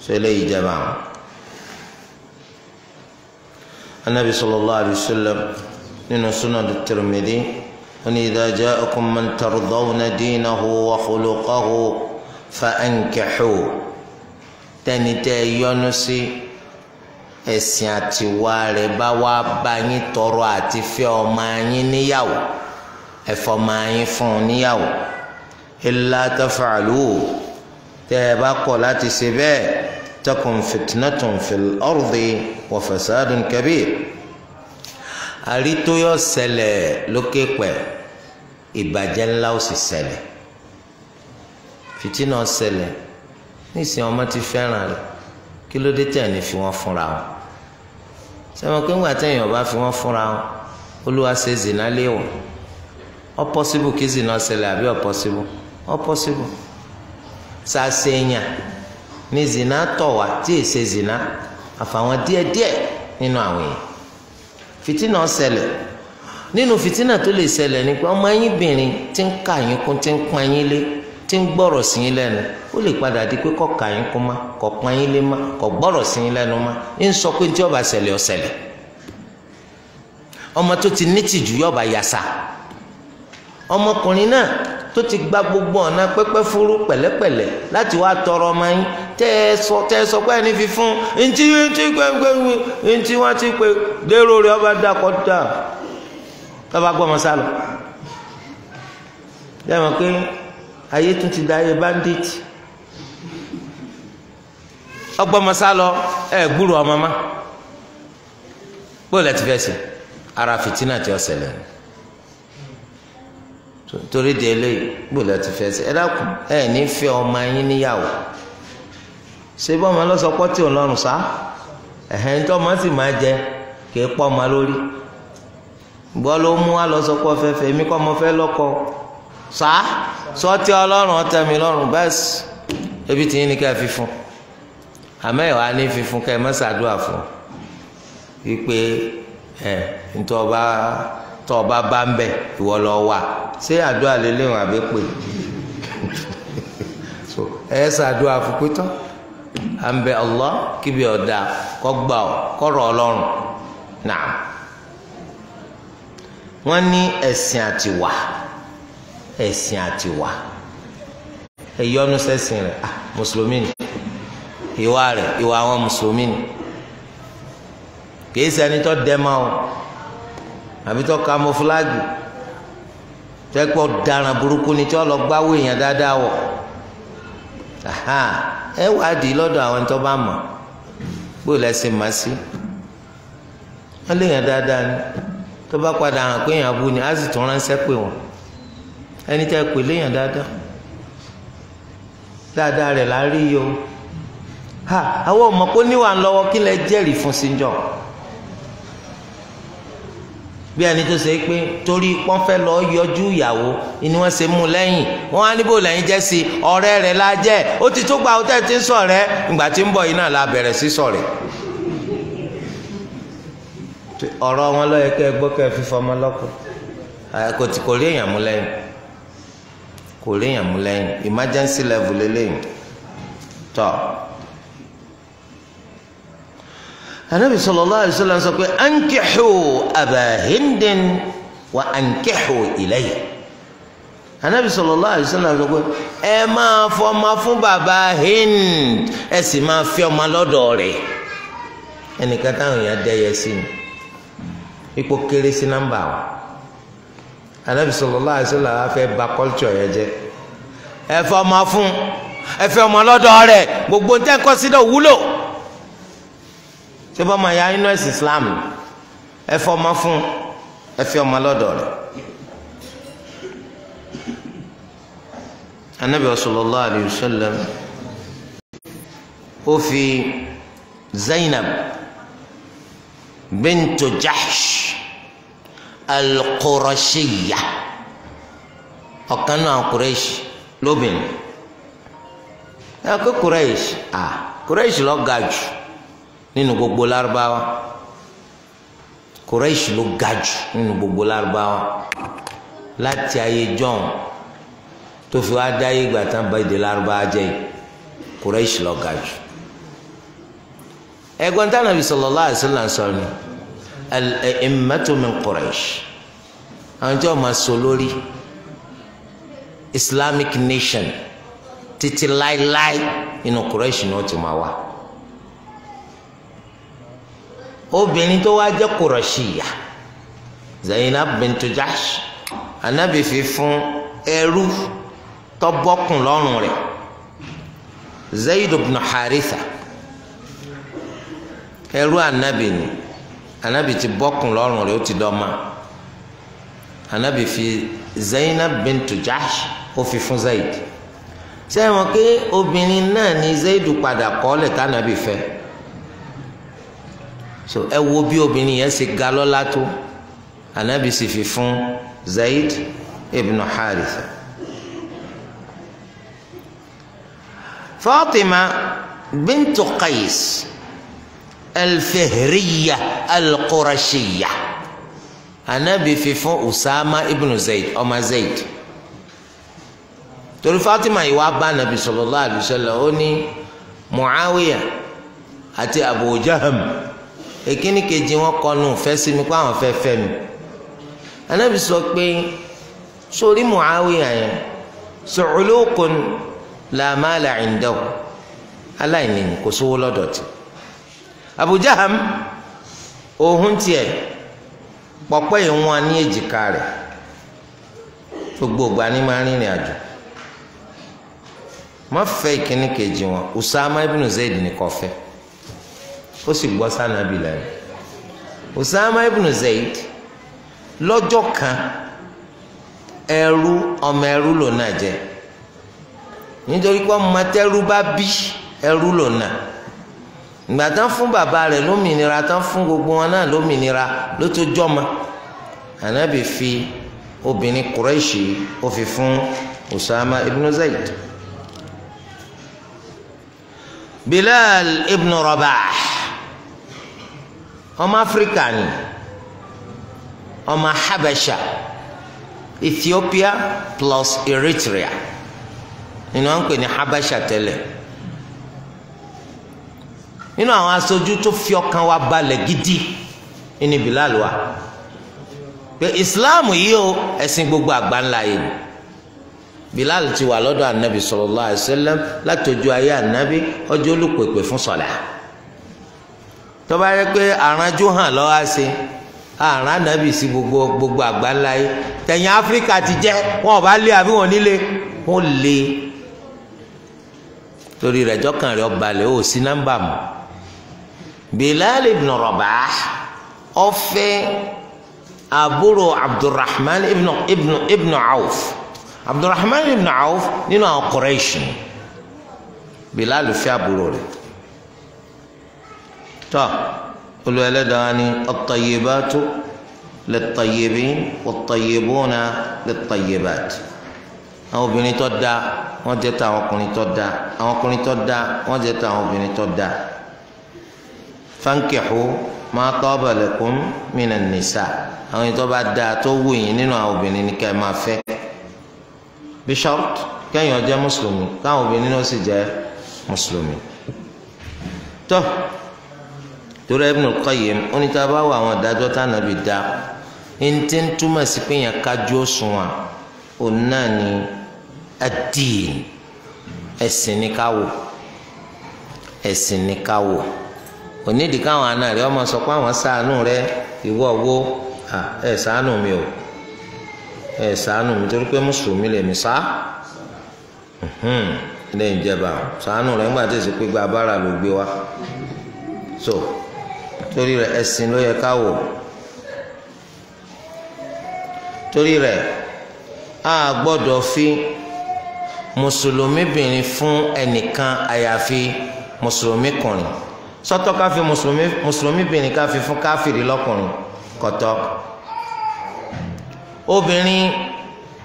sọ eléyìí jẹba àwọn. anabi sallallahu alayhi wa sallam nínú sunan Tirmidhi. أن إذا جاءكم من ترضون دينه وخلقه فأنكحوه tẹni tẹ yọ́nú sí ẹ̀sìn àtiwá rẹ̀ bá wá bá yín tọrọ àti fẹ́ ọmọ yín níyàwó ẹfọ ọmọ yín fún un níyàwó illa taf'alu tẹ ẹ bá kọ̀ láti ṣe bẹ́ẹ̀ takun fitnatun fil ardi wa fasadun kabir àrítóyọ ṣẹlẹ̀ lókè pẹ ìbàjẹ́ ńlá ó sì ṣẹlẹ̀ fìtínà ṣẹlẹ̀ níìsín ọmọ ti fẹ́ràn rẹ̀ kí ló dé tẹ̀ ní fi wọ́n fúnra wọn sẹ́wọ̀n pé ńgbà tẹ̀yìn ọba fi wọ́n fúnra wọn olúwa ṣe zina léwọ̀ ó possible kí zina ṣẹlẹ̀ àbí ó possible ó possible ṣàṣeyàn Ni zina tọ̀ wá tí è ṣe zina àfàwọn díẹ̀díẹ̀ nínú àwọn èèyàn fìtínà ṣẹlẹ̀ nínú fìtínà tó lè ṣẹlẹ̀ ni pé ọmọ yín bìnrin ti ń kà yín kún ti ń pọn yín lé ti ń gbọ́rọ̀ sí yín lẹ́nu ó lè padà di pé kọ́ kà yín kún má kọ́ pọn yín lé má kọ́ gbọ́rọ̀ sí yín lẹ́nu má ń sọ pé tí ọba ṣẹlẹ̀ ó ọmọ tó ti nítìjú yọba yasa ọmọkùnrin náà tó ti gba gbogbo ọ̀nà pẹ́pẹ́ fúrú pẹ̀lẹ́pẹ̀lẹ́ láti wá tọrọ ọmọ yín tẹ́ ẹ sọ tẹ́ ẹ sọ pé ẹni fi fún ntí ntí gbẹgbẹgbẹ ntí wọ́n ti pè dérò rẹ̀ ọba dàkọ́ dà lọ́ba gbọ́mọ sálọ dẹ́mọ̀ pé ayé tún ti da ayé ẹ gbúrò ọmọ má ti fẹ́ ara fìtínà tí ó ṣẹlẹ̀ torí de eléyìí ti fẹ́ sí ẹ dákun ẹ ní fẹ́ ọmọ yín níyàwó ṣé sá ọmọ sì máa jẹ bọ́ ló mú wa lọ sọpọ̀ fẹ́fẹ́ mi kọ́ mo fẹ́ lọ́kọ sá sọtí ọlọ́run ọtẹ mi bẹ́ẹ̀sì ebi tí yín ni ká fi fún àmọ́ ẹ̀ wá ní fífún ká ẹ má ṣàdúrà fún wípé ẹ ntọ́ba tọ́ba bá ń bẹ̀ ìwọ lọ wà ṣé àdúrà lélẹ́wọ̀n àbí pè ẹ ṣàdúrà fún pétọ́ à ń bẹ Allah kíbi ọ̀dà kọ́ gbà ọ́ ọlọ́run náà. wọ́n ní ẹ̀sìn àtiwà ẹ̀sìn àtiwà ẹ̀yọ́nu sẹ́sìn rẹ̀ ah mùsùlùmí ni ìwà rẹ̀ ìwà àwọn mùsùlùmí ni kìí ṣẹni tó dẹ́mà o àbí tó kamọ́fúlágì tẹ́pọ̀ daran burúkú ni tí wọ́n lọ gbáwó èèyàn dáadáa wọ̀ ẹ wádìí lọ́dọ̀ àwọn tó bá mọ̀ bóyá ẹ̀sìn màá sí wọ́n léèyàn dáadáa ni tó bá padà hàn pé èèyàn abú ni á sì tún ránṣẹ́ pé wọ́n ẹni tẹ́ pè léèyàn dáadáa dáadáa rẹ̀ la rí yìí o ha àwọn ọmọ kò níwà ń lọ́wọ́ kí lẹ jẹ́rìí fún síjọ́ bí ẹni tó ṣe pé torí wọ́n fẹ́ lọ yọjú ìyàwó ni wọ́n ṣe mú lẹ́yìn wọ́n á níbò lẹ́yìn jẹ́ sí ọ̀rẹ́ rẹ̀ la jẹ́ ó ti tó gba ọtẹ tí ń sọ rẹ ìgbà tí ń bọ̀ yìí náà la bẹ̀rẹ̀ sí sọ rẹ ọ̀rọ̀ wọn lọ́yẹ kẹ́ ẹ gbọ́ kẹ́ ẹ fi fọmọ lọ́kọ kò tí kò rí èèyàn mú lẹ́yìn kò rí èèyàn mú lẹ́yìn emergency level lélẹ́yìn tọ́ anabi sallallahu alaihi wasallam sọ pé ankihu aba hindin wa ankihu ilayhi anabi sallallahu alaihi sọ pé ẹ máa fọmọ fún baba hind ẹ sì máa fi ọmọ lọ́dọ̀ rẹ̀ ẹnìkan táwọn èèyàn dẹ́yẹ sí ni ipò kéré sí nọ́mbà wọn anabi sallallahu alaihi wasallam afẹ ba kọltsọ yẹn jẹ ẹ fẹ́ ọmọ fún ẹ fẹ́ ọmọ lọ́dọ̀ rẹ̀ gbogbo ntẹ kọsídà wúlò ṣé bọ́mọ ya inú ẹ̀sìn islam ẹ fẹ́ ọmọ fún ẹ fẹ́ ọmọ lọ́dọ̀ rẹ̀ anabi sallallahu alaihi wasallam fi zainab bintu jahsh alqurashiya ọ̀kan náà kureish lóbìnrin ẹ kó kureish à kureish ló ga jù nínú gbogbo lárúbáwá kureish ló ga jù nínú gbogbo lárúbáwá láti ayé john tó fi wá dá ìgbà tán bá èdè jẹ kureish ló ga jù ẹ̀gbọ́n tánàbí sallallahu alaihi wasallam al-a'immatu min Quraysh àwọn tí wọ́n máa sọ lórí Islamic nation títí láéláé inú Quraysh ni wọ́n ti máa wá obìnrin tó wá jẹ́ Qurayshiyya Zainab bintu Jahsh anabi fi fún ẹrú tọ́bọ́kùn lọ́rùn rẹ̀ Zaid ibn Haritha ẹrú anabi ni anabi ti bọ́kùn lọ́rùn rẹ̀ ó ti dọ́mà anabi fi Zainab bintu Jahsh ó fi fún Zaid sẹ́wọ̀n pé obìnrin náà ni Zaid padà kọ́lẹ̀ tànàbì fẹ́ so ẹ wo bí obìnrin yẹn ṣe ga lọ́lá tó anabi sì fi fún Zaid ibn Haritha Fatima bintu Qais. الفهرية القرشية أنا fi أسامة ابن زيد أما زيد zayd torí fatima yìí wá bá anabi sallallahu alaihi wasallam ó ní muawiya àti abu jaham èkíní kejì wọn kọnu fẹ́ sí mi pé àwọn fẹ́ fẹ́ mi anabi sọ pé sórí muawiya yẹn su'ulukun la mala aláìní kò sówó lọ́dọ̀ tí. Abu Jaham òhun tiẹ̀ pọ̀pẹ́ ìwọ̀n ní èjìká rẹ̀ gbogbo ìgbà ni máa rìnrìn àjò má fẹ́ ìkíní kejì wọn Usama ibn Zayd nìkan fẹ́ ó sì gbọ́ sànàbì Usama ibn Zayd lọjọ kan ẹrú ọmọ ẹrú lona je, jẹ nítorí pé ọmọ tẹrú bá bí ìgbà tán fún bàbá rẹ̀ lómìnira tán fún gbogbo wọn náà lómìnira ló tó jọmọ ànábì fi obìnrin kúrẹ́ṣì ó fi fún Usama ibn Zayd Bilal ibn Rabah ọmọ Áfíríkà ni ọmọ Habasha Ethiopia plus Eritrea nínú wọn ń pè ní Habasha tẹ́lẹ̀ nínú àwọn aṣojú tó fi ọkàn wa balẹ̀ gidi ní Bilal wa pé Islam yìí o ẹ̀sìn gbogbo àgbáńlá yìí Bilal ti wà lọ́dọ̀ anabi sallallahu alaihi wasallam látọjú ayé anabi ọjọ́ olùpèpè fún sọ̀lá tó bá yẹ pé àránjú hàn lọ́wọ́ á ṣe àrùn ànábì sí gbogbo gbogbo àgbáńlá yìí tẹ̀yìn áfíríkà ti jẹ́ wọn ò bá lé àbí wọn nílé wọn lé torí rẹ̀ jọ́kàn rẹ̀ ọbalẹ̀ ó sí nọ́mbà mọ́ bilal ibn rabah ọfẹ àbúrò abdulrahman ibn ibn ibn auf abdulrahman ibn auf nínú àwọn quraish bilal fẹ́ àbúrò rẹ̀ tọ olùwẹlẹdàá ni at-tayyibatu lit-tayyibin wat-tayyibuna lit-tayyibat àwọn obìnrin tó dáa wọ́n jẹ́ tàwọn ọkùnrin tó dáa àwọn ọkùnrin tó dáa wọ́n jẹ́ tàwọn obìnrin tó dáa fankihu ma taba lakum minan nisa àwọn ìtọ́ bá dáa tó wù yín nínú àwọn obìnrin ní ká ẹ máa fẹ́ bí short kẹ́yìn ọjọ́ mùsùlùmí káwọn obìnrin náà sì jẹ́ mùsùlùmí. tó torí Ibn Qayyim oníta bá wà àwọn ìdájọ́ tá ànábì dá ẹni tí ń túmọ̀ sí pé yẹn kájú òṣùwọ̀n òun náà ni ad ẹ̀sìn ní ká ẹ̀sìn ní ká onídìí káwọn àna rẹ ọmọ sọ pé àwọn ṣàánú rẹ ìwọ wo ẹ ṣàánú mi o ẹ ṣàánú mi torí pé mùsùlùmí lèmi sá ilé ìjẹba ṣàánú rẹ ńgbà tí pé gba abára ló gbé wa so torí rẹ ẹsìn ló yẹ ká wò torí rẹ a gbọ́dọ̀ fi mùsùlùmí bìnrin fún ẹnìkan àyàfi mùsùlùmí kùnrin sọ́tọ̀ káfí mùsùlùmí mùsùlùmí bìnrin káfí fún káfìrí lọ́kùnrin kọ̀tọ́ obìnrin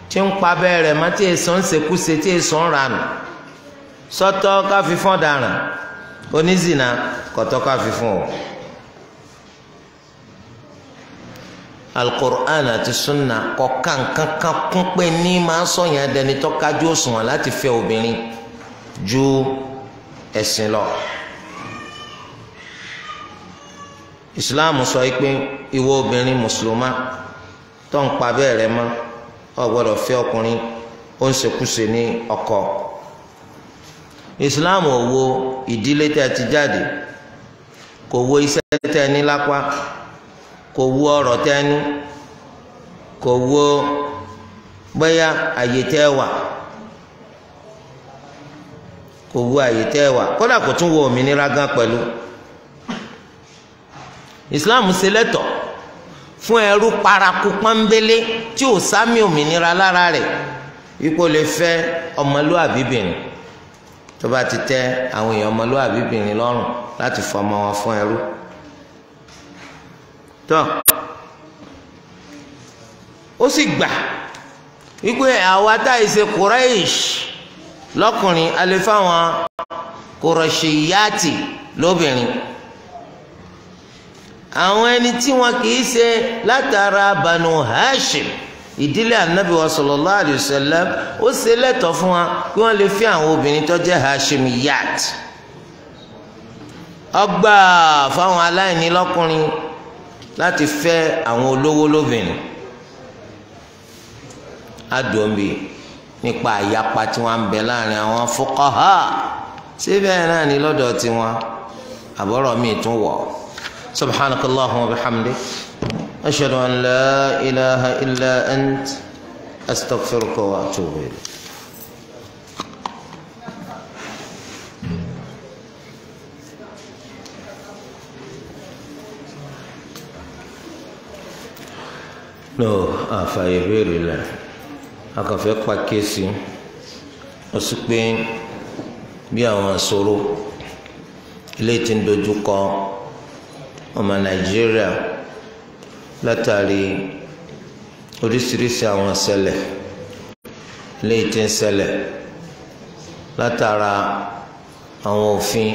tí ń pa bẹ́ẹ̀rẹ̀ má tí èso ń ṣekúṣe tí èso ń ranù sọ́tọ̀ káfí fún ọ̀daràn onízìnà kọ̀tọ́ káfí fún ọ. alukur'an àti sunna kọ̀ọ̀kan kankan kún pé ní máa sọ̀yàn dẹni tọ́kájú òṣùwọ̀n láti fẹ́ obìnrin ju ẹ̀sìn lọ. islam sọ pé ìwọ obìnrin mùsùlùmá tó ń pa bẹ́ẹ̀ rẹ mọ́ ọ gbọ́dọ̀ fẹ́ ọkùnrin ó ń ṣekúṣe ní ọkọ islam ò wo ìdílé tẹ́ ti jáde kò wo iṣẹ́ tẹ́ ní lápá kò wo ọ̀rọ̀ tẹ́ ní kò wo bóyá àyè tẹ́ wà kò wo àyè tẹ́ wà kódà kò tún wo òmìnira gan pẹ̀lú islam ṣe lẹ́tọ̀ fún ẹrú paraku pọ́nbélé tí ò sámi òmìnira lára rẹ̀ ipò lè fẹ́ ọmọlúàbíbìnrin tó bá ti tẹ́ àwọn èèyàn ọmọlúàbíbìnrin lọ́rùn láti fọmọ wọn fún ẹrú tó ó sì gbà wípé àwa táyì ṣe Quraish lọ́kùnrin alẹ́ fáwọn Quraishiyati lóbìnrin àwọn ẹni tí wọn kì í ṣe látara banu hashim ìdílé anabi wa sallallahu alayhi wa sallam ó ṣe lẹ́tọ̀ọ́ fún wa kí wọ́n lè fi àwọn obìnrin tó jẹ́ hashim yat ọgbà fáwọn aláìní lọ́kùnrin láti fẹ́ àwọn olówó lóbìnrin adùnbi nípa àyapa tí wọ́n ń bẹ láàrin àwọn fuqaha síbẹ̀ náà ni lọ́dọ̀ tiwọn àbọ̀rọ̀ mi tún wọ̀ سبحانك اللهم وبحمدك أشهد أن لا إله إلا أنت أستغفرك وأتوب إليك no àfààyè béèrè la akànfẹ́ pàkíyèsí ó sì pé bí àwọn àṣòro ilé tí ń dojú kọ. ọmọ nàìjíríà látàrí oríṣiríṣi àwọn ṣẹlẹ̀ léyìí tí ń ṣẹlẹ̀ látara àwọn òfin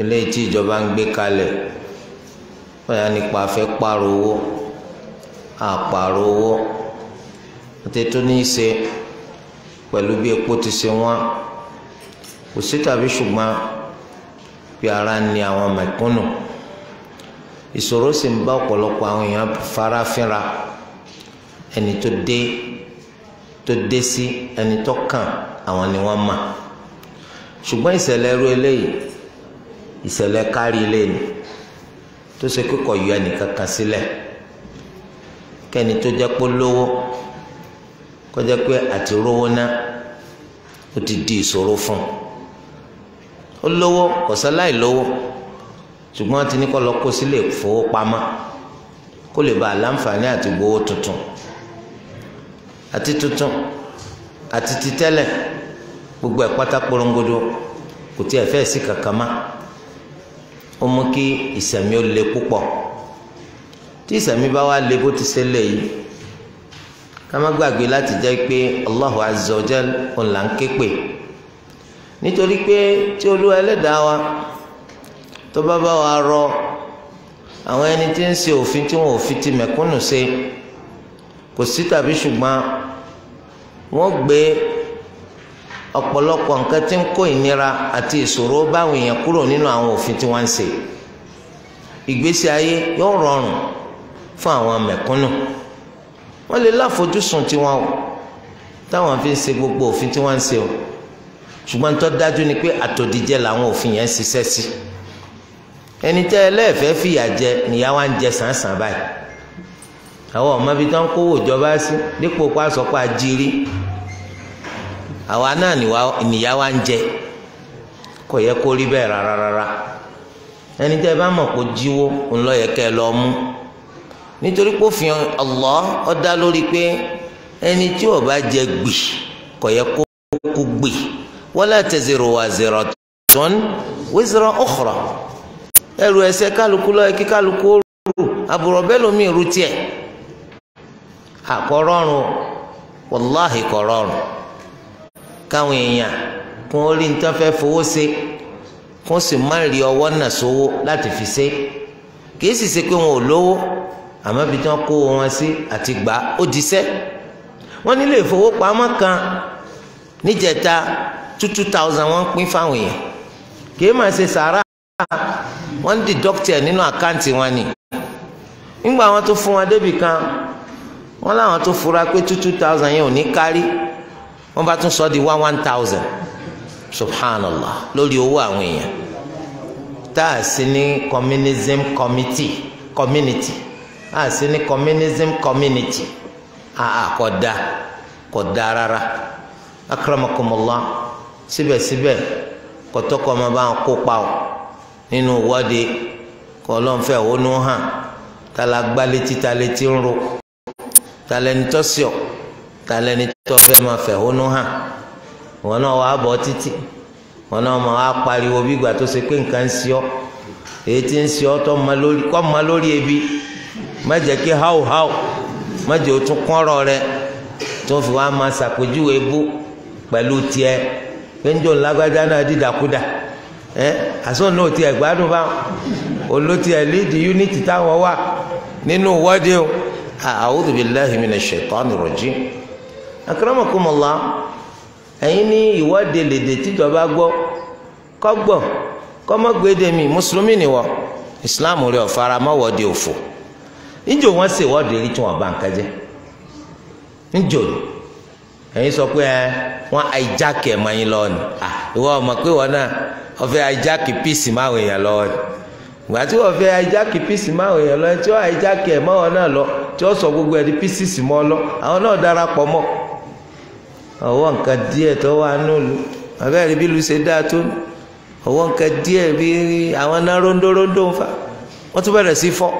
eléyìí tí ìjọba ń gbé kalẹ̀ bóyá nípa afẹ́ pààrọ̀ owó àpààrọ̀ owó àti tó ní í ṣe pẹ̀lú bí epo ti ṣe wọ́n kò sí tàbí ṣùgbọ́n bí ara ni àwọn mẹ̀kúnnù ìṣòro sì ń bá ọ̀pọ̀lọpọ̀ àwọn èèyàn farafinra ẹni tó dé tó dé sí ẹni tó kàn àwọn ni wọ́n mà ṣùgbọ́n ìṣẹ̀lẹ̀ ẹrú eléyìí ìṣẹ̀lẹ̀ kárí ilé ni tó ṣe kíkọ̀ yọ ẹnìkankan sílẹ̀ kẹ́ni tó jẹ́ pé lówó kó jẹ́ pé àti rówó ná ó ti di ìṣòro fún un ó lówó kò sáláì lówó ṣùgbọ́n ti ní kọ́ lọ kó sílé ìfowópamọ́ kó lè ba àlàǹfààní àti gbowó tuntun àti tuntun àti titẹ́lẹ̀ gbogbo ẹ̀ pátá porongodo kò tí ẹ̀ fẹ́ sí kankan má ó mú kí ìsẹ̀mí ó le púpọ̀ tí ìsẹ̀mí bá wá le bó ti ṣe lè yìí ká má gbàgbé láti jẹ́ pé Allahu azza wa ń ké pè nítorí pé tí Olúwa ẹlẹ́dàá wa tó bá bá wa rọ àwọn ẹni tí ń ṣe òfin tí wọn ò fi ti mẹ̀kúnnù ṣe kò sí tàbí ṣùgbọ́n wọ́n gbé ọ̀pọ̀lọpọ̀ nǹkan tí ń kó ìnira àti ìṣòro báwọn èèyàn kúrò nínú àwọn òfin tí wọ́n ń ṣe ìgbésí ayé yóò rọrùn fún àwọn mẹ̀kúnnù wọ́n lè láfojúsùn tiwọn o táwọn fi ń ṣe gbogbo òfin tí wọ́n ń ṣe o ṣùgbọ́n tó dájú ni pé àtòdìjẹ làwọn òfin yẹn ń ṣiṣẹ́ sí. Si ẹni tẹ́ ẹlẹ́ẹ̀fẹ́ fìyà jẹ nìyá wa ń jẹ bai? báyìí àwọn ọmọ ibi tó ń kówó ìjọba sí dípò pa àjírí àwa náà nìyá wa ń jẹ kò yẹ kó rí bẹ́ẹ̀ rárá rárá ẹni tẹ́ ẹ bá mọ̀ kó jíwó lọ mú nítorí pé òfin lórí pé ẹni tí ò bá jẹ gbì kò yẹ kó kú gbì wala ẹrù ẹ̀ṣẹ̀ kálukú lọ́yẹ kí kálukú ó rù àbùrọ̀ bẹ́ẹ̀ lómi ìrù tiẹ̀ àkọ́rọ́rùn wàláhì kọ́rọ́rùn káwọn èèyàn kún ó rí ní tán fẹ́ẹ́ fowó ṣe kún sì má rí ọwọ́ náà sówó láti fi ṣe kìí sì ṣe pé wọn ò lówó àmọ́ ibi tí wọ́n kó wọn sí àti gbà ó diṣẹ́ wọ́n nílé ìfowópamọ́ kan níjẹta two two thousand wọ́n pín fáwọn èèyàn kìí máa ṣe sàárà wọ́n ń deduct ẹ̀ nínú àkáǹtì wọn ni nígbà wọn tó fún wọn débì kan wọ́n láwọn tó fura pé two two thousand yẹn ò ní kárí wọ́n bá tún sọ di one one thousand subhanallah lórí owó àwọn èèyàn tá a sí ní communism committee community a sí ní communism community àà kò dáa kò dáa rárá akramakumullah síbẹ̀síbẹ̀ kò tó kọ́ ọmọ bá ń kópa o. nínú wọ́de kọlọ́nfẹ́ ònú hàn tala gbá létí ta létí ń ro máa fẹ́ ònú hàn wọn náà wàá bọ̀ títì wọn náà máa pariwo bí ìgbà tó ṣe pé nǹkan ń ṣe ọ́ èyí tí ń ṣe ọ́ tó ma lórí kọ́ ma lórí ebi má jẹ́ kí háù háù má jẹ́ o tún kọ́rọ̀ rẹ tó fi wá máa ṣàpèjúwe bú pẹ̀lú tiẹ̀ pé ń jò ńlágbájá náà dídàkúdà ẹ́. Eh? àsọ̀n náà ti ẹ̀gbádùn bá olóti ẹ̀ léèdì yúnítì táwọn wà nínú wọ́dí o a'udhu billahi minash shaitani rajim akramakumullah ẹ̀yin ní ìwọ́de lèdè tíjọba gbọ́ kọ́gbọ̀ kọ́mọ́gbédèmí mùsùlùmí ni wọ́n islam rẹ̀ ọ̀fara mọ́wọ́de òfò níjò wọ́n ṣe ìwọ́de rí tí wọ́n bá nǹkan jẹ́ níjò ni ẹ̀yin sọ pé ẹ wọ́n àìjákẹ́ mọ́ yín ìwọ ọmọ pé wọ́n náà ọfẹ́ ajáki píìsì máa wẹ̀yàn lọ́wọ́ ni ìgbà tí wọ́n fẹ́ ajáki píìsì máa wẹ̀yàn lọ́wọ́ tí wọ́n ajáki ẹ̀ mọ́ wọn náà lọ tí wọ́n sọ gbogbo ẹ̀ di píìsì mọ́ lọ àwọn náà darapọ̀ mọ́ ọwọ́ nǹkan díẹ̀ tó wà nílùú abẹ́rẹ́ bí lu ṣe dáa tó ọwọ́ nǹkan díẹ̀ bí àwọn náà rondórondó ń fa wọ́n tún bẹ̀rẹ̀ sí fọ́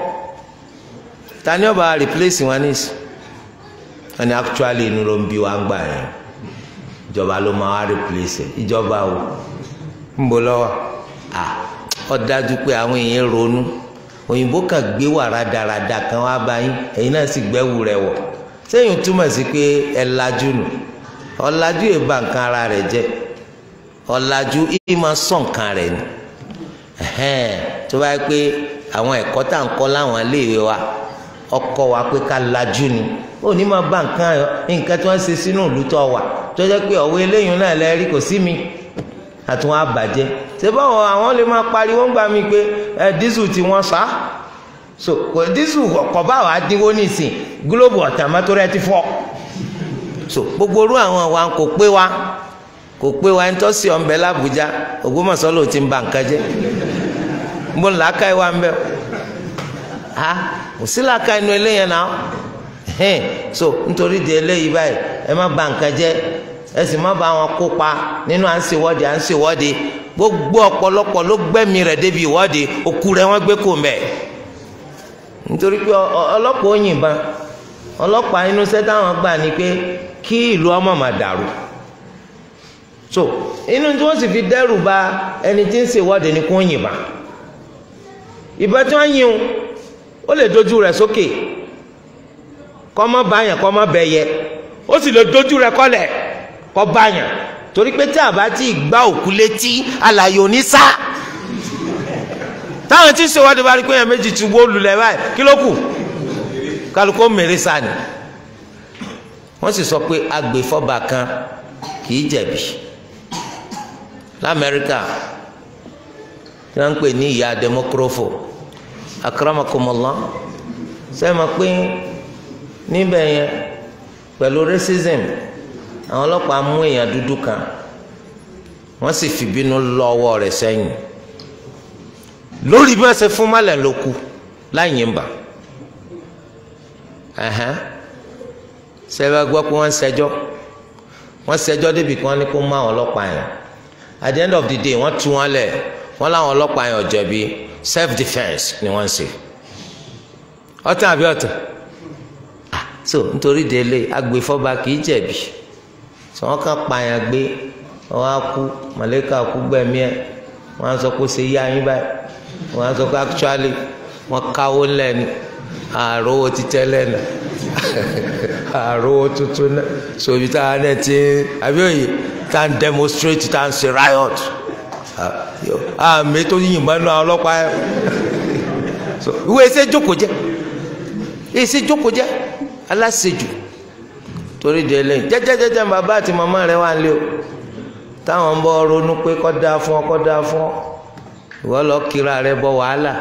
ta ni ọba replace wọn nísì wọn ni actually inú ló ń bí wa ń gbà yẹn ìjọba ló máa wá replace ìjọba o ń bọ̀ lọ́wọ́ à ó dájú pé àwọn èèyàn ronú òyìnbó kan gbé wàrà dáradá kan wá báyìí ẹ̀yin náà sì gbẹ́wù rẹ̀ wọ̀ sẹ́yìn túmọ̀ sí pé ẹ lajú nù ọ̀làjú yìí ba nǹkan ara rẹ̀ jẹ́ ọ̀làjú yìí máa sọ nǹkan rẹ̀ ni tó bá yẹ pé àwọn ẹ̀kọ́ tá à ń kọ́ láwọn iléèwé wa ọkọ wa pé ká lajú ni ó ní máa ba nǹkan nǹkan tí wọ́n ṣe sínú ìlú tó wà tó jẹ́ pé ọ̀wé eléyìí náà lẹ́rìí kò sí mi. àtúnwá àbàjẹ ṣe báwọn àwọn lè máa pariwo ń gba mi pé ẹ dísù tí wọ́n sá so kò dísù kọ̀ bá wàá dínwó nísìn gílóòbù ọ̀tà ti fọ́ so gbogbo orú àwọn wa kò pé wa kò pé wa ń tọ́sí ọ̀nbẹ l'Àbújá Ògbómọ̀ṣọ́ ló ti ń ba nǹkan jẹ́ mo ń làákà ẹ ń bẹ ha kò sí làákà inú eléyẹn náà so nítorí di eléyìí báyìí ba nǹkan ẹ sì má ba wọn kópa nínú à ń à ń gbogbo ọ̀pọ̀lọpọ̀ ló gbẹ́mí rẹ̀ débi ìwọ́de òkú rẹ̀ wọ́n gbé kò mẹ́ nítorí pé ọlọ́pàá ó yìnbọn ọlọ́pàá inú gbà ni pé kí ìlú ọmọ mà dàrú so inú tí wọ́n sì fi dẹ́rù ba ẹni tí ń ṣèwọ́de ni kò yìnbọn ìbọn tí wọ́n yìn ó lè dojú rẹ̀ sókè ó sì lè dojú rẹ̀ kọ́lẹ̀. kọ́ báyàn torí pé tí a bá ti gbá òkú létí alàyè ò ní sá táwọn tí ń ṣèwádìí bá rí pé èèyàn méjì ti wó lulẹ̀ báyìí kí ló kù kálukó mèrè sá ni wọ́n sì sọ pé agbèfọ́ba kan kì í jẹ̀bi lamẹ́ríkà tí wọ́n ń pè ní ìyá democrofo akramakomola sẹ́ẹ̀ mọ̀ pé níbẹ̀ yẹn pẹ̀lú racism. àwọn ọlọ́pàá mú èèyàn dúdú kan wọ́n sì fìbínú lọ ọwọ́ rẹ̀ sẹ́yìn lórí bí wọ́n ṣe fún mọ́lẹ̀ ló kú láì yín bà gbọ́ pé wọ́n ń ṣẹjọ́ wọ́n ní kó àwọn ọlọ́pàá yẹn at the end of the day wọ́n wọn lẹ̀ wọ́n láwọn ọlọ́pàá yẹn self defence ni wọ́n ń ṣe àbí ah, so nítorí délé agbèfọ́ba kì í jẹ̀bi. sọ wọn kàn pààyàn gbé wọn á kú màlẹ́kà kú gbẹ̀mí ẹ̀ wọn á sọ pé ṣe yá yín báyìí wọn á sọ pé actually wọn káwó lẹ́ni àròwò ti tẹ́lẹ̀ nà àròwò tuntun náà sòbí tá a náà ti àbíòye tá a ń demonstrate tá a ń ṣe riot àmì tó yìnbọn náà ọlọ́pàá ẹ̀ ìwé ẹsẹ̀ jókòó jẹ́ ẹsẹ̀ jókòó jẹ́ aláṣejù torí de lẹ́yìn jẹ́jẹ́jẹ́jẹ́ bàbá àti màmá rẹ̀ wà lé o táwọn ń bọ́ ronú pé kọ́ da fún ọ kọ́ da fún ọ ìwọ lọ kíra rẹ bọ wàhálà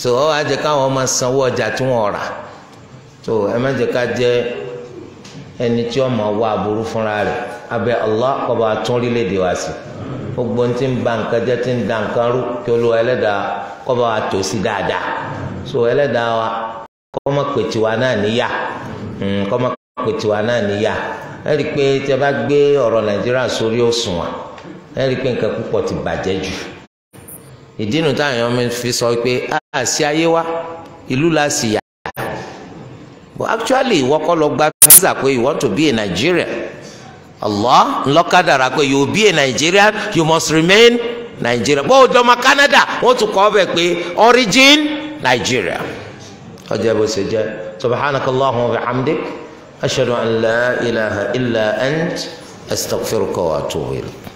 so ọ wá jẹ káwọn máa sanwó ọjà tí wọn rà so ẹ má jẹ ká jẹ ẹni tí wọn máa aburú fúnra rẹ abẹ Allah kọba tún orílẹ̀-èdè wa sí gbogbo ní ti ń ba nǹkan jẹ́ ti ń da nǹkan rú kí olú ẹlẹ́dàá kọba wa tò sí dáadáa so ẹlẹ́dàá wa kọ́ mọ̀ pé tiwa náà níyà hmm, kọ́ mọ̀ pètìwá náà níyà ẹ rí i pé tí ẹ bá gbé ọ̀rọ̀ nàìjíríà sórí òṣùwọ̀n ẹ rí i pé nǹkan púpọ̀ ti bàjẹ́ jù ìdí nu táwọn èèyàn fi sọ pé àṣì ayé wa ìlú la sì yà but actually ìwọ kọ́ lọ gba visa pé you want to be a Nigerian Allah ńlọ́kadàrà pé you be a Nigerian you must remain Nigerian bó o dọ́mọ Canada wọ́n tún kọ́ ọbẹ̀ pé origin Nigeria ọjọ́ bó ṣe jẹ́ subhanakallahumma wa bihamdik. أشهد أن لا إله إلا أنت أستغفرك وأتوب إليك